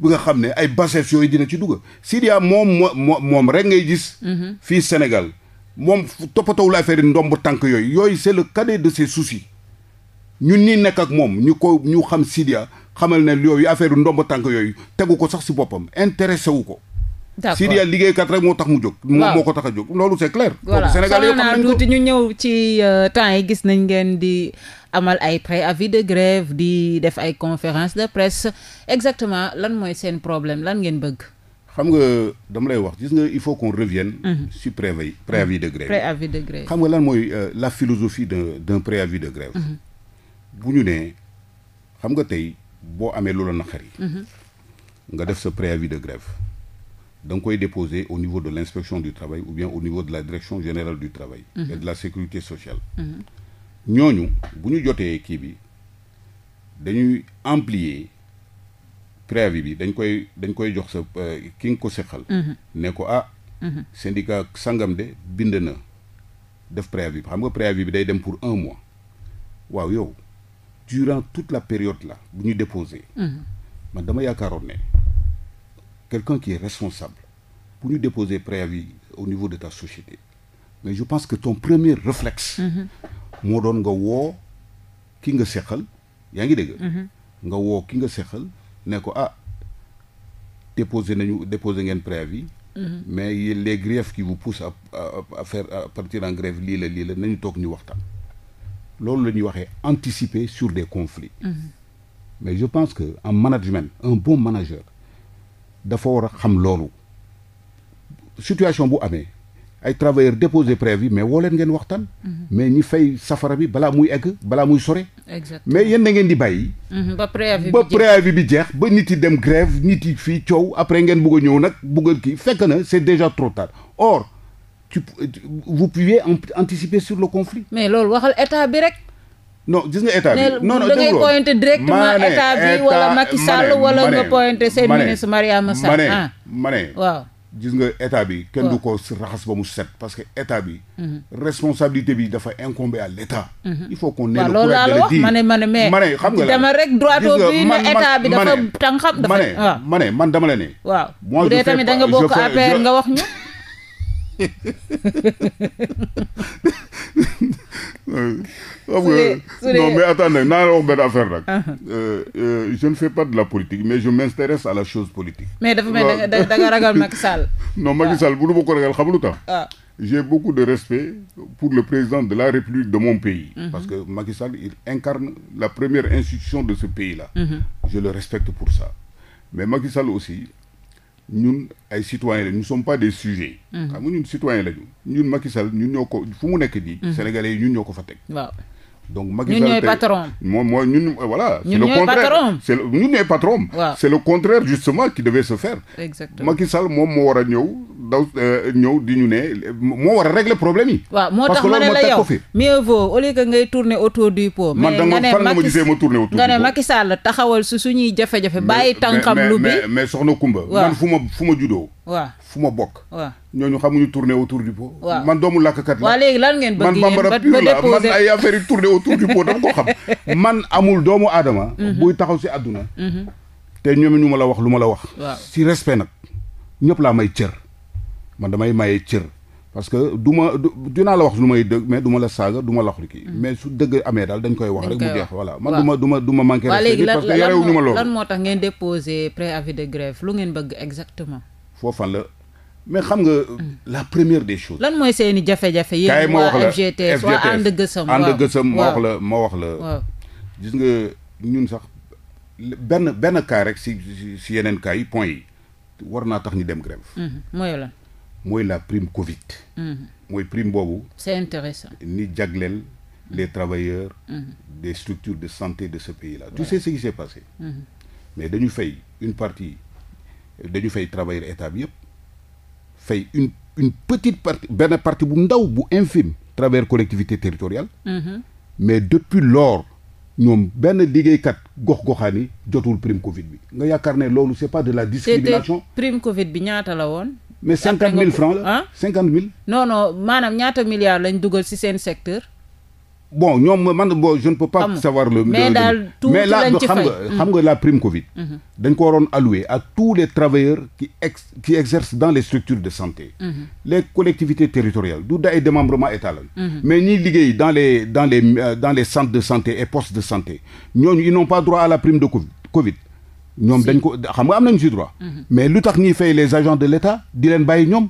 bi nga xam ne ay bassesse yooyu dina ci dugg Sidia moom moo moom rek ngay gis. fii Sénégal moom toppatawul affaire yi ndomb tànk yooyu yooyu c'est le cadet de ses soucis ñun nii nekk ak moom ñu ko ñu xam Sidia. xamal ne yooyu affaire yu ndomb tànk yooyu tegu ko sax si boppam intéressé wu ko. d'accord liggéey kat rek moo tax mu jóg. moom moo ko tax a jóg loolu c'est clair. voilà Sénégal yoo xam nañ ko ñu ñëw ci euh, temps yi gis nañ ngeen di amal ay préavis de grève di def ay conférence de presse exactement lan mooy seen problème lan ngeen bëgg. xam nga dama lay wax gis nga il faut qu'on revienne. Mhm. su préavis préavis de grève. préavis de grève xam nga lan mooy euh, la philosophie d'un d'un préavis de grève. Mhm. bu ñu nee nga tey. boo amee loola naqari mhm. nga def sa préavis de grève da koy déposer au niveau de l'inspection du travail ou bien au niveau de la direction générale du travail mhm. et de la sécurité sociale mhm. ñooñu bu ñu jotee kii bi dañuy amplier préavis bi dañ koy dañ koy jox sa euh, ki nga ko seqal ne ko ah syndicat sangam de bind na def préavis bi xam nga préavis bi day dem pour un mois waaw yow durant tout la période la bu ñu déposé. Mm-hmm. man dama yaakaaroon ne quelqu'un qui est responsable bu ñu déposer préavis au niveau de ta société mais je pense que ton premier réflexe. Mm-hmm. moo doon nga woo ki nga seqal yaa ngi dégg. Mm-hmm. nga woo ki nga seqal ne ko ah déposé nañu déposé ngeen préavis. mais les griefs qui vous poussent à à à faire à partir en grève lii la lii la nañu toog ñu waxtaan. loolu la ñuy waxee anticiper sur des conflits mm mais je pense que en management un bon manager dafa war a xam loolu situation bu amee ay travailleurs déposé préavis mais woo leen ngeen waxtaan mm-hmm. mais ñi fay safara bi balaa muy egg balaa muy sore mais yenn na ngeen di bàyyi mm-hmm. ba préavis bi jeex ba nit yi dem grève nit yi fii coow après ngeen bugg a ñëw nag bugg a kii fekk na c'est déjà trop tard or tu vous pouviez anticiper sur le conflit. mais loolu waxal état bi rek. non gis nga état bi non non da ngay pointé directement état bi wala Macky Sall wala nga pointé seen ministre Mariama Sarr ah ma ne waaw. gis nga état bi kenn du ko raxas ba mu set parce que état bi. Mhm. responsabilité bi dafa incombe à l' état. Mhm. il faut qu' on ait le courage de le dire ma ne ma ne mais. ma ne xam nga dama rek droit au but ne état bi dafa tànqam. dafa waaw ma ne man dama la ne. waaw bu dee tamit da nga bokk APR nga wax ñu. xam nga non mais attends nag naa la wax benn affaire nag. Ah. Euh, euh, ragal Macky ah. ah. j'ai beaucoup de respect pour le président de la République de mon pays. Mm-hmm. parce que Macky Sall il incarne la première institution de ce pays-là. Mm-hmm. je le respecte pour ça mais Macky Sall aussi ñun ay citoyens la ñu sommes pas des sujets. Mm-hmm. xam nga ñun citoyens la ñu ñun Macky Sall ñun ñoo ko fu mu nekk nii. Mm-hmm. sénégalais ñun ñoo ko fa teg. waaw donc Macky Sall moom mooy ñun voilà c'est le contraire c'est ñun ñooy patron c'est le contraire justement qui devait se faire exactement Macky Sall moom moo war a ñëw daw euh, ñëw di ñu ne moo war a régler problème yi moo tax ma ne la yow mieux vaut au lieu que ngay tourner autour du pot mais nga ne ma gisee ma tourner autour nga ne Macky Sall taxawal su suñuy jafe-jafe bàyyi tànkam lu bi mais soxna Kumba man fu ma fu ma juddoo waaw fu ma bokk. waaw ñooñu xamuñu tourner autour du pot. waaw man doomu làkkat la. léegi lan ngeen man bambara pur la man ay affaire yi tourner autour du pot dama ko xam. man amul doomu aadama. Mhm. buy taxaw si àdduna. Mhm. te ñoom ñu ma la wax lu ma la wax. si respect nag ñëpp laa may cër. man damay maye cër. parce que du ma dinaa la wax lu may dëgg mais du la saaga du ma la wax kii mhm. mais su dëgg amee daal dañ koy wax rek mu jeex voilà man du ma du ma du ma manqué respect parce que yarewuñu ma loolu moo tax ngeen déposé préavis de grève lu ngeen bëgg exactement foofan la mais xam nga mm. la première des choses. lan mooy seeni jafe-jafe yéen waa FGTS waa ànd gësëm ànd moo wax la moo wax la gis nga ñun sax benn benn cas rek si si yeneen cas yi point yi war naa tax ñu dem grève mm-hmm. mooy la mooy la prime Covid mm-hmm. mooy prime boobu c'est intéressant ni jagleel les mm-hmm. travailleurs des structures de santé de ce pays là tu sais ce qui s'est passé mais dañu fay une partie dañu fay travailleur état bi yëpp fay une une petite partie benn parti bu ndaw bu infime travailleur collectivité territoriale mmh. mais depuis lors ñoom benn liggéeykat gox-goxaan yi jotul prime Covid bi nga yaakaar ne loolu c'est pas de la discrimination prime Covid bi ñaata la woon mais cinquante mille francs cinquante mille non maanaam ñaata milliards lañ dugal ci seen secteur bon ñoom man bon je ne peux pas savoir le mais daal mais là xam nga xam nga la prime Covid mhm. dañ ko waroon allouer à tous les travailleurs qui ex qui exercent dans les structures de santé mhm. les collectivités territoriales du daay démembrement état la mhm. mais ñiy liggéey dans les dans les euh, dans les centres de santé et postes de santé ñooñu ils n'ont pas droit à la prime de Covid Covid ñoom dañ ko xam nga am nañu ci droit mais lu tax ñuy fay les agents de l'État di leen bàyyi ñoom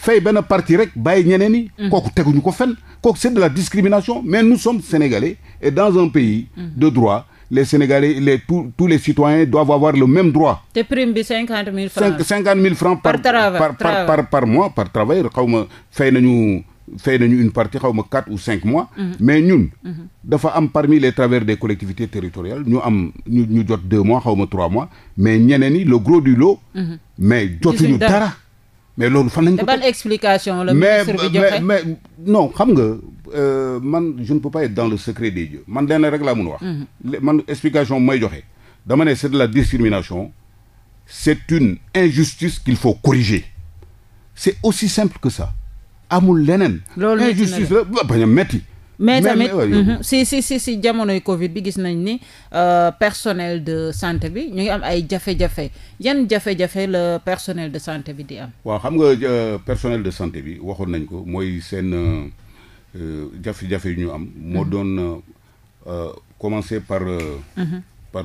fay benn parti rek bàyyi ñeneen ñi. Mm. kooku teguñu ko fenn kooku c'est de la discrimination mais nous sommes sénégalais et dans un pays. Mm. de droit les sénégalais les tous tous les citoyens doivent avoir le même droit. te prime bi cinquante mille francs. par par mois par travail xaw ma fay nañu. une partie xaw quatre ou cinq mois. Mm. mais ñun. Mm-hmm. dafa am parmi les travers des collectivités territoriales ñu am ñu ñu jot deux mois xaw ma trois mois mais ñeneen ñi le gros du lot. Mmh. mais jotuñu mais loolu fan lañ explication la ministre bi joxe mais non xam nga euh, man je ne peux pas dans le secret des dieux man lenn rek laa mun wax. Mhm. man explication may joxe dama ne c'est de la discrimination c'est une injustice qu'il faut corriger c'est aussi simple que ça amul leneen. injustice la bañ a metti mais tamit mhm. si si si si jamonoy Covid bi gis nañ ni euh, personnel de santé bi ñu ngi am ay jafe-jafe yan jafe-jafe la personnel de santé bi di am. waaw xam nga euh, personnel de santé bi waxoon nañ ko mooy seen euh, jafe-jafe ñu am. moo mhm. doon commencer par. Mhm. par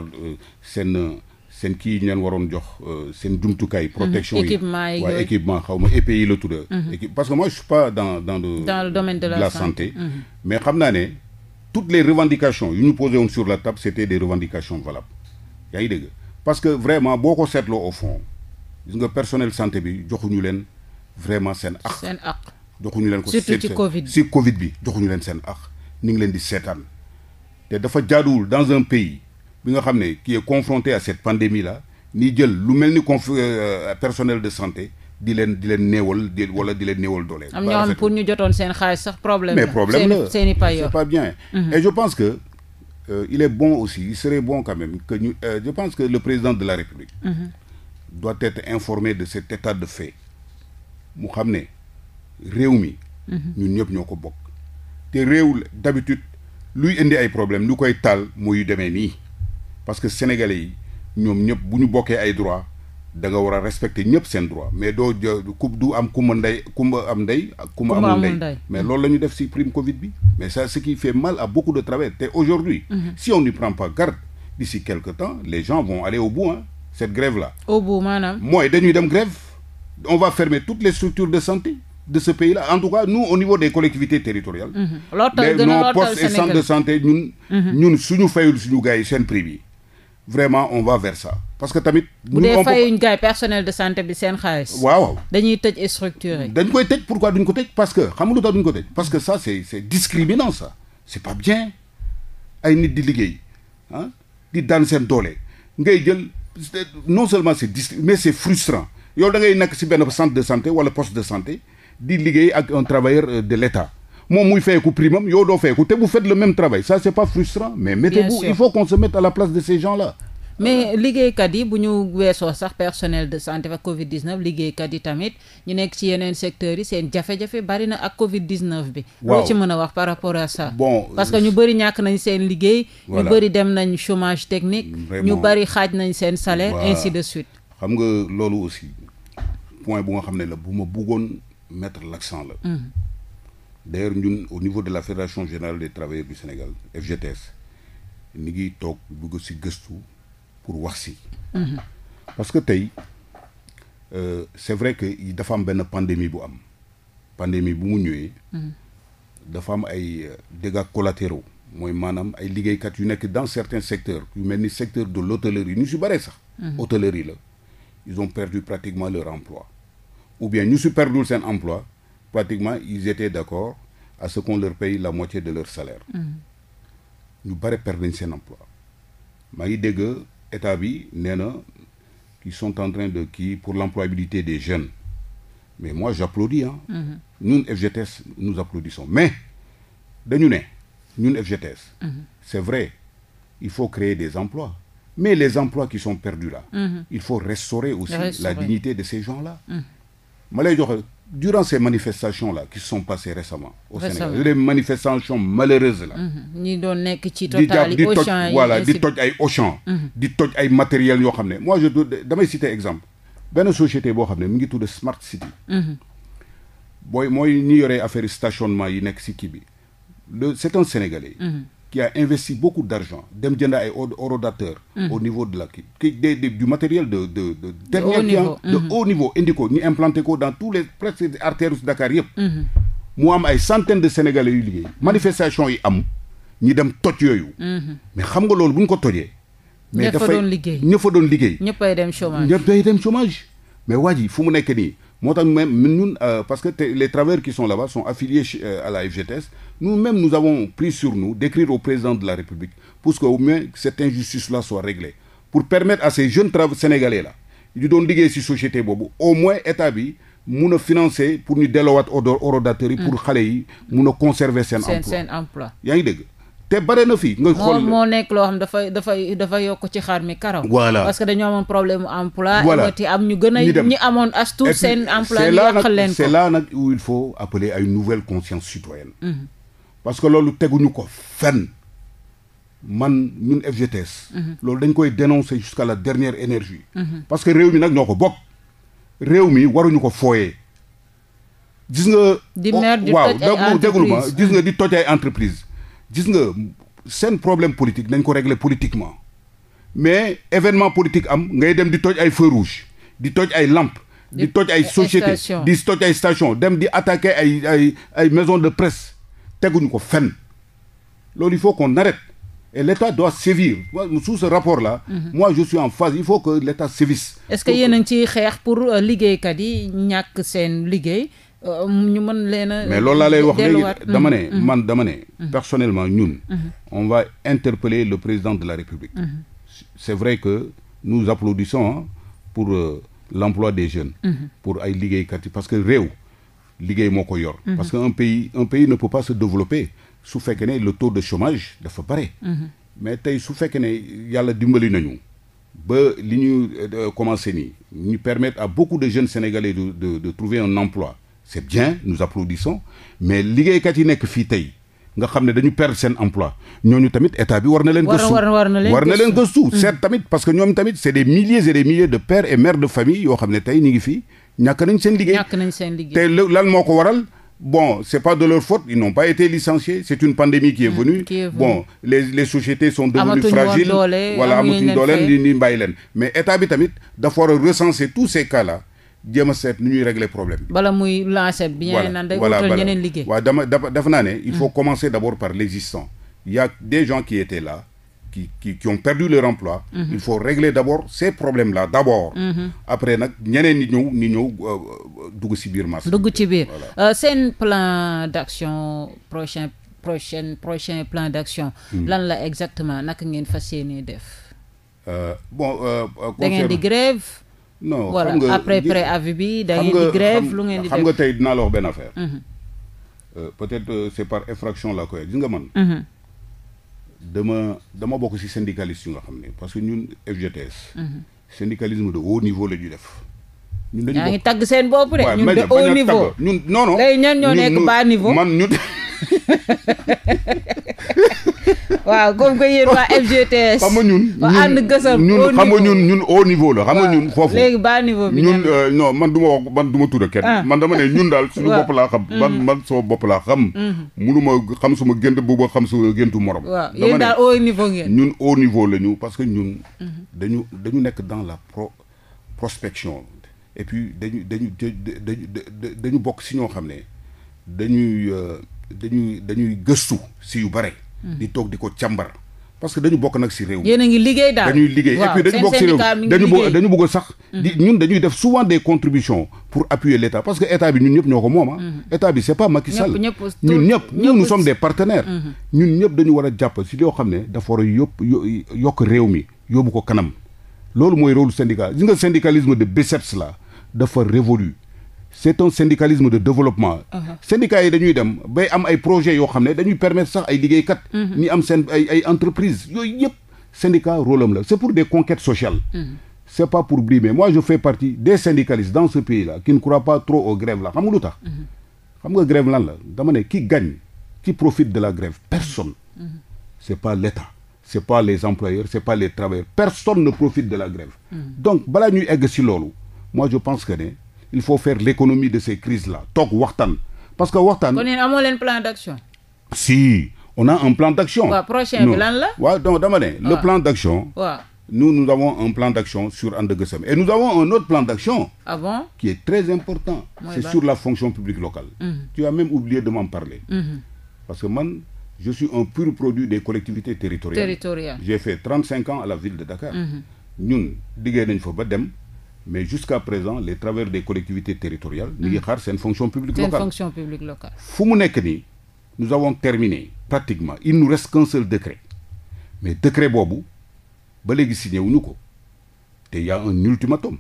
seen. seen kii yi ñu leen waroon jox euh, seen jumtukaay. Mhm. protection yi waaye équipement xaw ma EPI yi la tudd. Mhm. parce que moi je suis pas dans dans le. dans le la, santé. Mhm. mais xam naa ne toutes les revendications yu ñu posé sur la table c' étaient des revendications valables yaa ngi parce que vraiment boo ko seetloo au fond gis nga personnel santé bi joxuñu leen vraiment seen. ak seen ak joxuñu leen ko. surtout ci Covid si Covid bi joxuñu leen seen ak ni ngi leen di seetaan te dafa jaaduwul dans un pays. bi nga xam ne qui est confronté à cette pandémie là ni jël lu mel ni conf euh, euh, personnel de santé di leen di leen néewal di wala di leen néewal doole. am ñoon pour ñu jotoon seen xaalis sax problème mais problème la seen i payoor pas bien. Mhm. et je pense que euh, il bon aussi il bon quand que ñu euh, je que le président de la République. Mhm. doit être informé de cet état de fait mu xam ne réew mi. Mhm. ñun ñëpp ñoo ko bokk. te réew d'habitude luy indi ay problème lu koy taal mooy yu demee nii. parce que sénégalais yi ñoom ñëpp bu ñu bokkee ay droit da nga war a respecter ñëpp seen droit mais doo ku du am kumba ndey kumba am ndey kumba amul ndey mais loolu la ñu def ci covid bi mais ce qui fait mal à beaucoup de travers te aujourd'hui mhm. si on n'y prend pas garde d'ici quelque temps les gens vont aller au bout hein cette grève là au bout mooy dañuy dem grève on va fermer toutes les structures de santé de ce pays là en tout cas nous au niveau des collectivités territoriales mhm. mais nos mhm. bi vraiment on va parce que tamit. bu dee fayuñ gars personnel de santé bi seen xaalis. waaw dañuy tëj et structuré. dañ koy tëj pourquoi duñ ko tëj parce que xam nga lu tax ko tëj parce que ça c'est c'est discriminant ça c'est pas bien ay nit di liggéey di daan seen doole ngay jël non seulement c'est dis mais c'est frustrant yow da ngay nekk ci benn centre de santé wala poste de santé di liggéey ak un travailleur euh, de l'État. moom muy fayeku prime am yow doo fayeku te bu faites le même travail ça c'est pas frustrant mais mettez-vous il faut qu'on se mette à la place de ces gens-là mais liggéeykat yi bu ñu weesoo sax personnel de santé ak Covid 19 liggéeykat yi tamit ñu nekk ci yeneen secteur yi seen jafe-jafe bari na ak Covid 19 bi. waaw loo ci mën a wax par rapport a ça. bon parce que ñu euh, bëri ñàkk nañ seen liggéey. ñu bëri dem nañ chômage technique. ñu bari xaaj nañ seen salaire. ainsi de suite. xam nga loolu aussi point bu nga xam ne la bu ma bëggoon mettre l'accent la. d'ailleurs ñun au niveau de la fédération générale des travailleurs du Sénégal FGTS ni ngi toog bëgg si gëstu pour wax si. Mhm. parce que tey euh, c'est vrai que dafa am benn pandémie bu am. pandémie bu mu ñëwee. Mhm. dafa am ay euh, dégâts collatéraux mooy maanaam ay liggéeykat yu nekk dans certains secteurs yu mel ni secteur de l'hôtellerie ñu si bëree sax. Mhm. hôtellerie la ils ont perdu pratiquement leur emploi. ou bien ñu si perdul seen emploi pratiquement ils étaient d'accord à ce qu'on leur paye la moitié de leur salaire. Mm. ñu bare perdre nañ seen emploi. maa ngi dégg état bi nee na ils sont en train de kii pour l'employabilité des jeunes mais moi j'applaudis ah. ñun FGTS nous applaudissons mais dañu ne ñun FGTS. Mm-hmm. c'est vrai il faut créer des emplois mais les emplois qui sont perdus là. Mm-hmm. restaurer aussi la dignité de ces gens là. Mm. durant ces manifestations là qui se sont passées récemment au Sénégal les manifestations malheureuses la. Mhm. ñi doon nekk ci total yi Auchan voilà mhm. di toj ay Auchan. di toj ay matériels yoo xam ne moi je damay citer exemple benn société boo xam ne mu ngi tudd Smart City. Mhm. booy mooy ñi yore affaire stationnement yi nekk si kii bi le c'est un Sénégalais. qui a investi beaucoup d'argent dem jënd ay orodateur mm. au niveau de la kii des du matériel de de de dernier de mm-hmm. haut niveau indi ko ñu implanté ko dans tous les presque artères su Dakar yëpp mm-hmm. mu am ay centaines de sénégalais yu liggéey manifestation yi am ñi dem toj yooyu mm-hmm. mais xam nga loolu bu ñu ko tojee mais dafay ña fa doon liggéey ña fa doon liggéey dem chômage mais waa fu mu nekk nii moo tax même ñun euh, parce que les travailleurs qui sont là-bas sont affiliés euh, à la FGTS nous-mêmes nous avons pris sur nous d'écrire au président de la République pour que au moins cette injustice-là soit réglée pour permettre à ces jeunes travailleurs sénégalais là ñu doon liggéey si société boobu au moins état bi mun financer pour ñu delloowaat ordonnateur yi pour mm. xale yi mun a conserver seen emploi yaa ngi dégg te bare na fi. nga xool moo nekk loo xam dafay dafay dafa yokk ci xar mi karaw. voilà parce que dañoo amoon problème mu emploi. voilà am ñu gën a ñi amoon as tuut seen. emploi ñu yàqal leen ko c'est là nag où il faut nouvelle conscience citoyenne. Mhm. parce que loolu teguñu ko fenn. man ñun FGTS. Mhm. loolu dañ koy dénoncer jusqu'à la dernière énergie. Mhm. parce que réew mi nag ñoo ko bokk. réew mi waruñu ko fooyee. gis nga. di mer di oh, toj ay entreprises waaw déglu ma gis nga di toj ay gis nga seen problème politique nañ ko régler politiquement mais événement politique am ngay dem di toj ay feu di toj ay lampe di toj ay société di toj ay station dem di attaquer ay ay ay maison de presse teguñu ko fenn loolu il faut qu'on arrête et l'État doit sévir sous ce rapport là mm -hmm. moi je suis en phase il faut que l'État sévisse est-ce que yéen a ngi ciy xeex pour euh, liggéey kat yi ñàkk seen liggéey ñu man leen mais loolu laa lay wax léegi dama mm-hmm. man dama ne. Mm-hmm. personnellement ñun. Mm-hmm. on va interpeller le président de la république. c' est vrai que nous applaudissons pour euh, l' des jeunes. pour ay liggéeykat yi parce que réew liggéey moo ko yor. parce que un pays un pays ne peut pas se développer su fekkee ne le taux de chômage dafa bare. mais tey su fekkee ne yàlla dimbali nañu. ba li ñu euh, commencé nii ñu permettre à beaucoup de jeunes sénégalais de de de trouver un emploi. c'est bien nous applaudissons mais liggéeykat yi nekk fii tey nga xam ne dañu perdre seen emploi ñooñu tamit état bi war na leen gëstu na leen gëstu seet mm. tamit parce que ñoom tamit c'est des milliers et des milliers de pères et mères de famille yoo xam ne tey ñu ngi fii ñàkk nañ seen liggéey ñàkk nañ seen bon c'est pas de leur faute ils n'ont pas été licenciés c'est une pandémie qui est mm, venue bon les sociétés sont devenues fragiles voilà leen mais état bi tamit dafa war a recenser jéem a seet nu ñuy régler problème bi. bala muy lancer bi ñu naan day wutal ñeneen liggéey. waaw dama dafa def il faut mm. commencer d'abord par l'existant. il y a des gens qui étaient là. qui qui perdu leur emploi. Mm-hmm. il faut régler d'abord ces problèmes là d'abord. Mm-hmm. après nag ñeneen ñi ñëw ñi ñëw euh, dugg ci marché. dugg ci euh, seen plan d'action prochain prochain plan d'action. Mm. lan la exactement naka ngeen fas yéenee def. Euh, bon. da ngeen di grève. non xam nga après bi da ngeen di grève lu ngeen di def tey dinaa la wax mhm. euh, peut-être euh, c'est par effraction laa koy gis nga man. Mhm. dama dama bokk si syndicaliste yu nga xam ne parce que ñun FGTS. Mhm. syndicalisme de haut niveau la def. ñun dañu bokk yaa ngi tagg seen bopp de. ñun de haut niveau ñun non non. léegi ñan ñoo nekk bas niveau waaw comme que yéen waa FGTS. E xam nga ñun ñun ànd gësam ñun xam nga ñun ñun au niveau la xam nga ñun foofu. léegi bas niveau bi ñun euh, man du ma wax man du ma tudd kenn. Ah. man dama ne ñun daal suñu bopp laa xam. man mm-hmm. man sama bopp laa xam. Mm-hmm. munu ma xam suma gént bu ma xam su géntu morom. waaw yéen daal au niveau ngeen. ñun au niveau la ñu parce que ñun. Mm-hmm. dañu dañu nekk dans la pro prospection et puis dañu dañu dañu bokk si ñoo xam ne dañuy euh, dañuy dañuy gëstu si yu bare. Mm. di toog di ko càmbar parce que dañu bokk nag si réew mi. yéen a ngi liggéey daal dañuy liggéey et puis bokk si réew mi dañu bëgg sax. Mm-hmm. di ñun dañuy def souvent des contributions pour appuyer l' état parce que état bi ñun ñëpp ñoo ko moom a ah. mm-hmm. état bi c' est pas Macky ñun ñëpp ñun nous sommes des partenaires. Mm-hmm. ñun ñëpp dañu war a jàpp si yoo xam ne dafa war a yóbbu yokk réew mi yóbbu ko kanam loolu mooy rôle syndicat gis nga syndicalisme de biceps la dafa révolu c'est un syndicalisme de développement. Uh-huh. syndicats yi dañuy dem bay am ay projets yoo xam ne dañuy permettre sax ay liggéeykat. Uh-huh. ñi am seen ay ay entreprises yooyu yëpp syndicat rôle am la c'est pour des conquêtes sociales. Uh-huh. c'est pas pour brimer moi je fais partie des syndicalistes dans ce pays là qui ne croient pas trop aux grèves là xam nga lu tax. xam nga grève la dama ne qui gagne qui profite de la grève personne. c'est pas l'État c'est pas les employeurs c'est pas les travailleurs personne ne profite de la grève. donc balaa ñuy egg ci loolu moi pense que il faut faire l'économie de ces crises là toog waxtaan parce que waxtaan. kon yéen amoo leen plan d'action. si on a un plan d'action. nous avons un plan d'action sur And et nous avons un autre plan d'action. Ah qui est très important. c'est sur la fonction publique locale. Mhm. Mhm. je suis un pur produit des collectivités territoriales. j'ai fait trente-cinq ans à la ville de Dakar. Mhm. ñun liggéey nañ fa mais jusqu'à présent les travers des collectivités territoriales. ñu ngi mm. xaar seen fonction publique locale seen fonction publique locale. fu mu nekk nii nous avons terminé pratiquement il nous reste qu'un seul décret mais décret boobu ba léegi signé wuñu ko te y a un ultimatum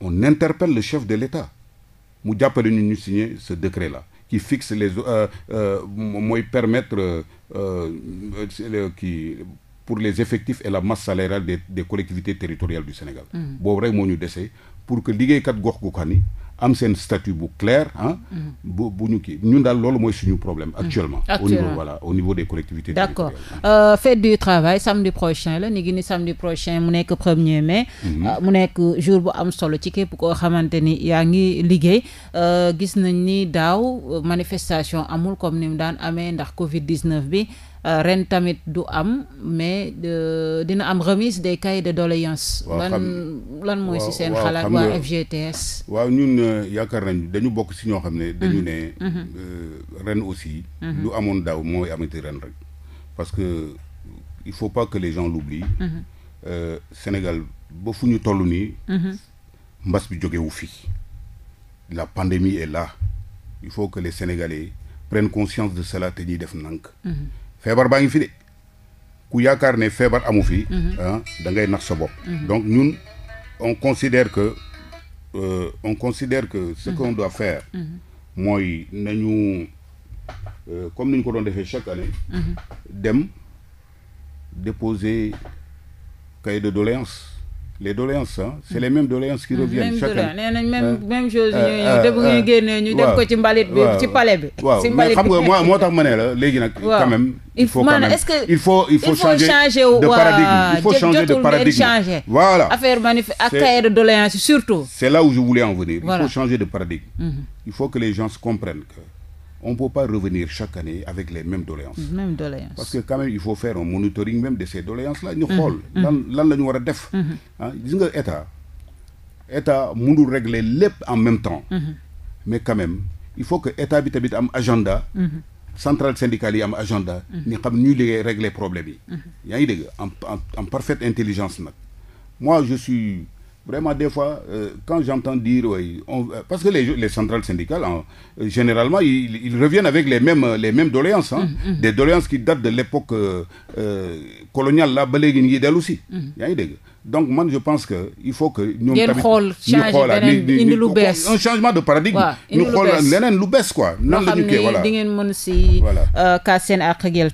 on interpelle le chef de l'État mu jàppale nu ñu signer ce décret là qui fixe les euh, euh, mooy permettre kii euh, euh, pour les effectifs et la masse salariale des des collectivités territoriales du Sénégal. Mm. boobu rek moo ñu desee pour que liggéeykat gox goxaan yi am seen statut bu clair ah. bu bu ñu kii ñun daal loolu mooy suñu problème. Mm. actuellement au niveau voilà au niveau des collectivités. d'accord euh, fête du travail samedi prochain la ni ngi ni samedi prochain mu nekk premier mai. Mm-hmm. Euh, mu nekk jour bu am solo ci képp koo xamante ni yaa ngi liggéey euh, gis nañ ni daaw euh, manifestation amul comme ni mu daan amee ndax Covid 19 bi. Euh, ren tamit du am mais dina am remise des cahiers de doléances lan lan mooy si seen xalaat waa FGTS waaw ñun euh, yaakaar nañ dañu bokk si ñoo xam ne dañu mhm. ne mhm. Euh, ren aussi mhm. lu amoon daaw mooy amati ren rek parce que il faut pas que les gens l'oublient Sénégal ba fu ñu toll nii mbas bi jógewu fi la pandémie est là il faut que les Sénégalais prennent conscience de cela te ñuy def nank feebar baa ngi fi de ku yaakaar ne feebar amu fi. Mhm. Ah, da ngay nax sa bopp. Mhm. donc ñun on considère que euh, on considère que ce mhm. qu'on doit faire. mooy nañu euh, comme ni ñu ko doon defee chaque année. dem déposer cahier de doléance les doléances ah les mêmes doléances qui mm, reviennent chacun nee nañ même euh, même chose ñuy euh, ñëw euh, def ñu génnee ñu def ko ci mbalit bi ci palais bi waaw mais xam nga moo moo tax ma ne la léegi nag quand même il faut quand même il faut il faut changer de paradigme il faut changer de paradigme voilà affaire manif ak cahier de doléances surtout c' là où je voulais en venir il faut changer de paradigme mm-hmm. il faut que les gens comprennent que on ne peut pas revenir chaque année avec les mêmes doléances. Même parce que quand même il faut faire un monitoring même de ces doléances là ñu mmh, xool. Mmh. lan lan la war a def. Mmh. ah gis nga état état mënul régler lépp en même temps. mais quand même il faut que état bi tamit am agenda. centrale syndicale yi am agenda. ni xam ñuy liggéey régler problème yi. yaa ngi dégg en en parfaite intelligence nag moi je suis. Vraiment, des fois, euh, quand j'entends dire, oui, on, euh, parce que les, les centrales syndicales, hein, euh, généralement, ils, ils, avec les mêmes, euh, les mêmes doléances, hein, mm -hmm. des doléances qui datent de l'époque euh, euh, coloniale, là, aussi. Mm -hmm. donc man je pense que il faut que. ñoom tamit xool changer beneen indi lu bees un changement de paradigme. waaw indi lu bees ñu xool leneen lu bees quoi. nan ngeen mën si. voilà euh, kaas seen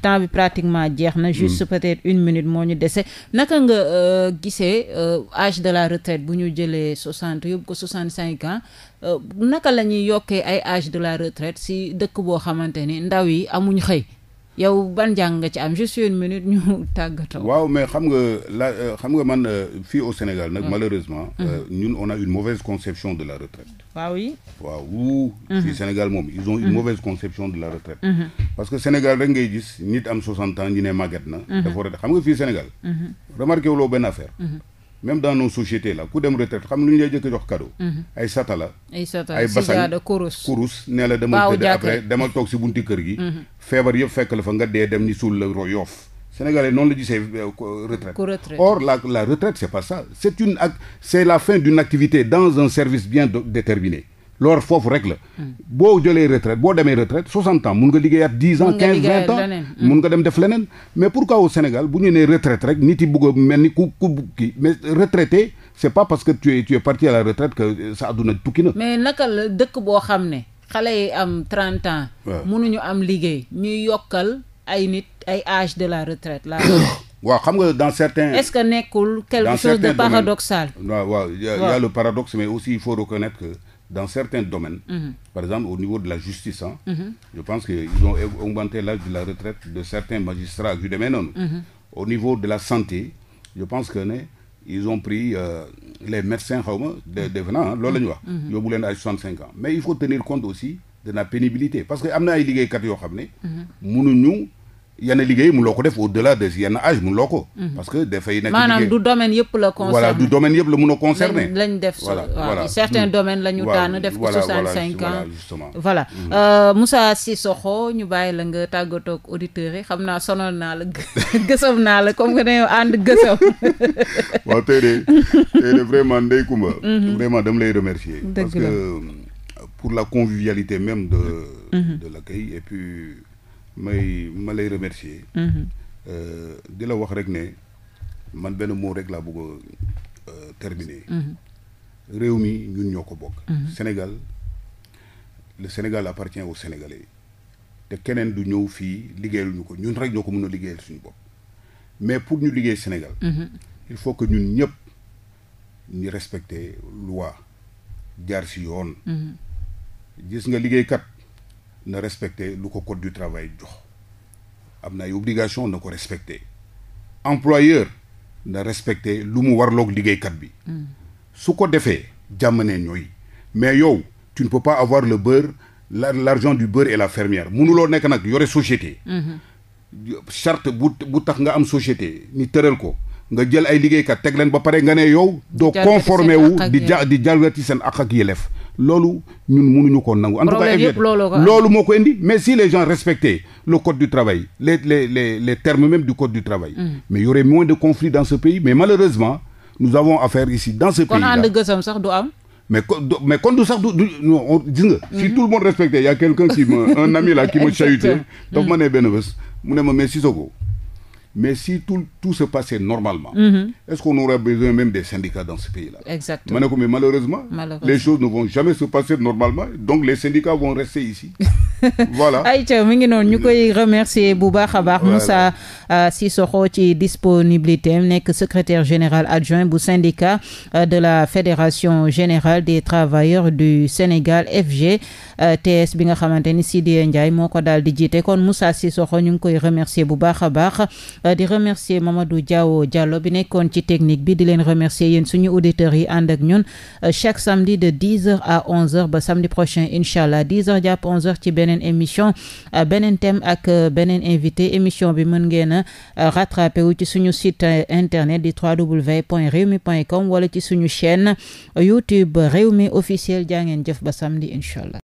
temps bi pratiquement jeex na. juste hmm. peut-être une minute moo ñu dese. naka nga euh, gisee euh, âge de la retraite bu ñu jëlee soixante yóbbu ko soixante cinq ans naka la ñuy yokkee ay âge de la retraite si dëkk boo xamante ni ndaw yi amuñ xëy. yow ban jàng nga ci am juste une minute ñu tàggatoo. waaw mais xam nga la euh, xam nga man euh, fii au Sénégal nag. Mm. malheureusement. Euh, mm-hmm. ñun on a une mauvaise conception de la retraite. waaw oui. waaw wuu. Mm-hmm. fii Sénégal moom ils ont une mm-hmm. mauvaise conception de la retraite. parce que Sénégal rek ngay gis nit am 60 ans ñu ne na. dafa war a xam nga fii Sénégal. remarqué wuloo benn affaire. même dans nos sociétés là ku dem retraite xam lu ñu lay jëkk jox cadeau. Mhm. ay satala. ay satala kurus. nee la demal toog si bunti kër gi. Mhm. feebar yëpp fekk la fa nga dee dem ni suul la yoof. Sénégalais noonu la gisee euh, euh, retraite or la la c'est pas ça c'est une c'est la fin d'une activité dans un service bien déterminé loolu foofu rek la. boo jëlee retraite boo demee retraite 60 ans mun nga liggéeyaat 10 ans. 15 20 mm. mun nga dem def leneen. mais pour au Sénégal bu ñu nee retraite rek nit yi bëgg a mel ni ku ku kii mais retraité c'est pas parce que tu es tu es parti à la retraite que euh, sa àdduna tukki na. mais naka la dëkk boo xam ne xale yi am trente ans. waaw mënuñu am liggéey ñuy yokkal ay nit ay âge de la retraite la. waaw xam nga dans certains. est-ce que nekkul quelque chose de paradoxal. waaw aussi il faut reconnaître dans certains domaines, mm -hmm. par exemple au niveau de la justice, mhm. je pense qu'ils ont augmenté l'âge de la retraite de certains magistrats à mhm. Au niveau de la santé, je pense que né, ils ont pris euh, les médecins des de venants, ils ont à 65 ans. Mais il faut tenir compte aussi de la pénibilité. Parce que amna ay liggéeykat yoo xam ne mënuñu mhm. yenn liggéey mënuloo ko def au delà de yenn âge mënuloo ko. Mhm. parce que dafay nekk maanaam du domaine yëpp la concerné voilà du domaine la mën a concerné. lañ def voilà voilà certains mm. domaines la ñu daan mm. euh, bàyyi la nga tàggatoo ak auditeurs yi xam naa sonal naa la gësam naa la comme que dañoo ànd gësam. waaw tey de tey de vraiment Ndeye Comba. Mhm. vraiment lay remercier. parce que euh, pour la convivialité même de. Mhm. de l'accueil et puis. may ma lay remercier. Mm-hmm. Euh, di la wax rek ne man benn mot rek laa bëgg euh, terminer. Mm-hmm. réew mi ñun ñoo ko bokk. Mm-hmm. Sénégal le Sénégal appartient aux Sénégalais te keneen du ñëw fii liggéeyaluñu ko ñun rek ñoo ko mën a liggéeyal suñu bopp mais pour ñu liggéey Sénégal. il faut que ñun ñëpp ñu respecter loi jaar si yoon. gis nga liggéeykat. na respecté lu ko code du travail jox am na ay obligation na ko respecté employeur na respecté lu mu warloog liggéeykat bi hmm. su ko defee jàmm ne ñooy mais yow tu ne peux pas avoir la la l'argent du beurre et la fermière mënuloo nekk nag yore société hmm. charte bu bu tax nga am société ni tëral ko nga jël ay liggéeykat teg leen ba pare nga ne yow doo conformé wu di ja di jalgati seen ak ak yelef loolu ñun mënuñu ko nangu. en tout cas loolu moo ko indi mais les gens respectaient le code du travail les les les les termes même du code du travail. Mm. mais y aurait moins de conflits dans ce pays mais malheureusement nous avons affaire ici dans ce pays mais mais kon du sax du du gis nga. si mm-hmm. tout le monde respectait y a quelqu'un qui me un ami là qui me chahutait. donc ma mm. ne benn bés mu ne ma mais Sissoko Mais si tout, tout se passait normalement, mm -hmm. est-ce qu'on aurait besoin même des syndicats dans ce pays-là Exactement. Mais malheureusement, les choses ne vont jamais se passer normalement, donc les syndicats vont rester ici. voilà. Aïcha mi ngi noonu ñu koy mm. remercier bu baax a baax. Moussa Cissokho euh, ci disponibilité am nekk secrétaire général adjoint bu syndicat euh, de la fédération générale des travailleurs du Sénégal FG. Euh, TS bi nga xamante ni Sidya Ndiaye moo ko daal di jiite kon Moussa Sissoko ñu ngi koy remercier bu baax a baax euh, di remercier Mamadou Diawo Diallo bi nekkoon ci technique bi di leen remercier yéen suñu auditeurs yi ànd ak ñun euh, chaque samedi de 10h à 11h ba samedi prochain incha allah 10h jàpp 11h ci beneen émission beneen thème ak beneen invité émission bi mën ngeen a rattrapé wu ci suñu site internet di mi www.rewmi.com wala ci suñu chaîne YouTube Rewmi officiel jaa ngeen jëf ba samedi incha allah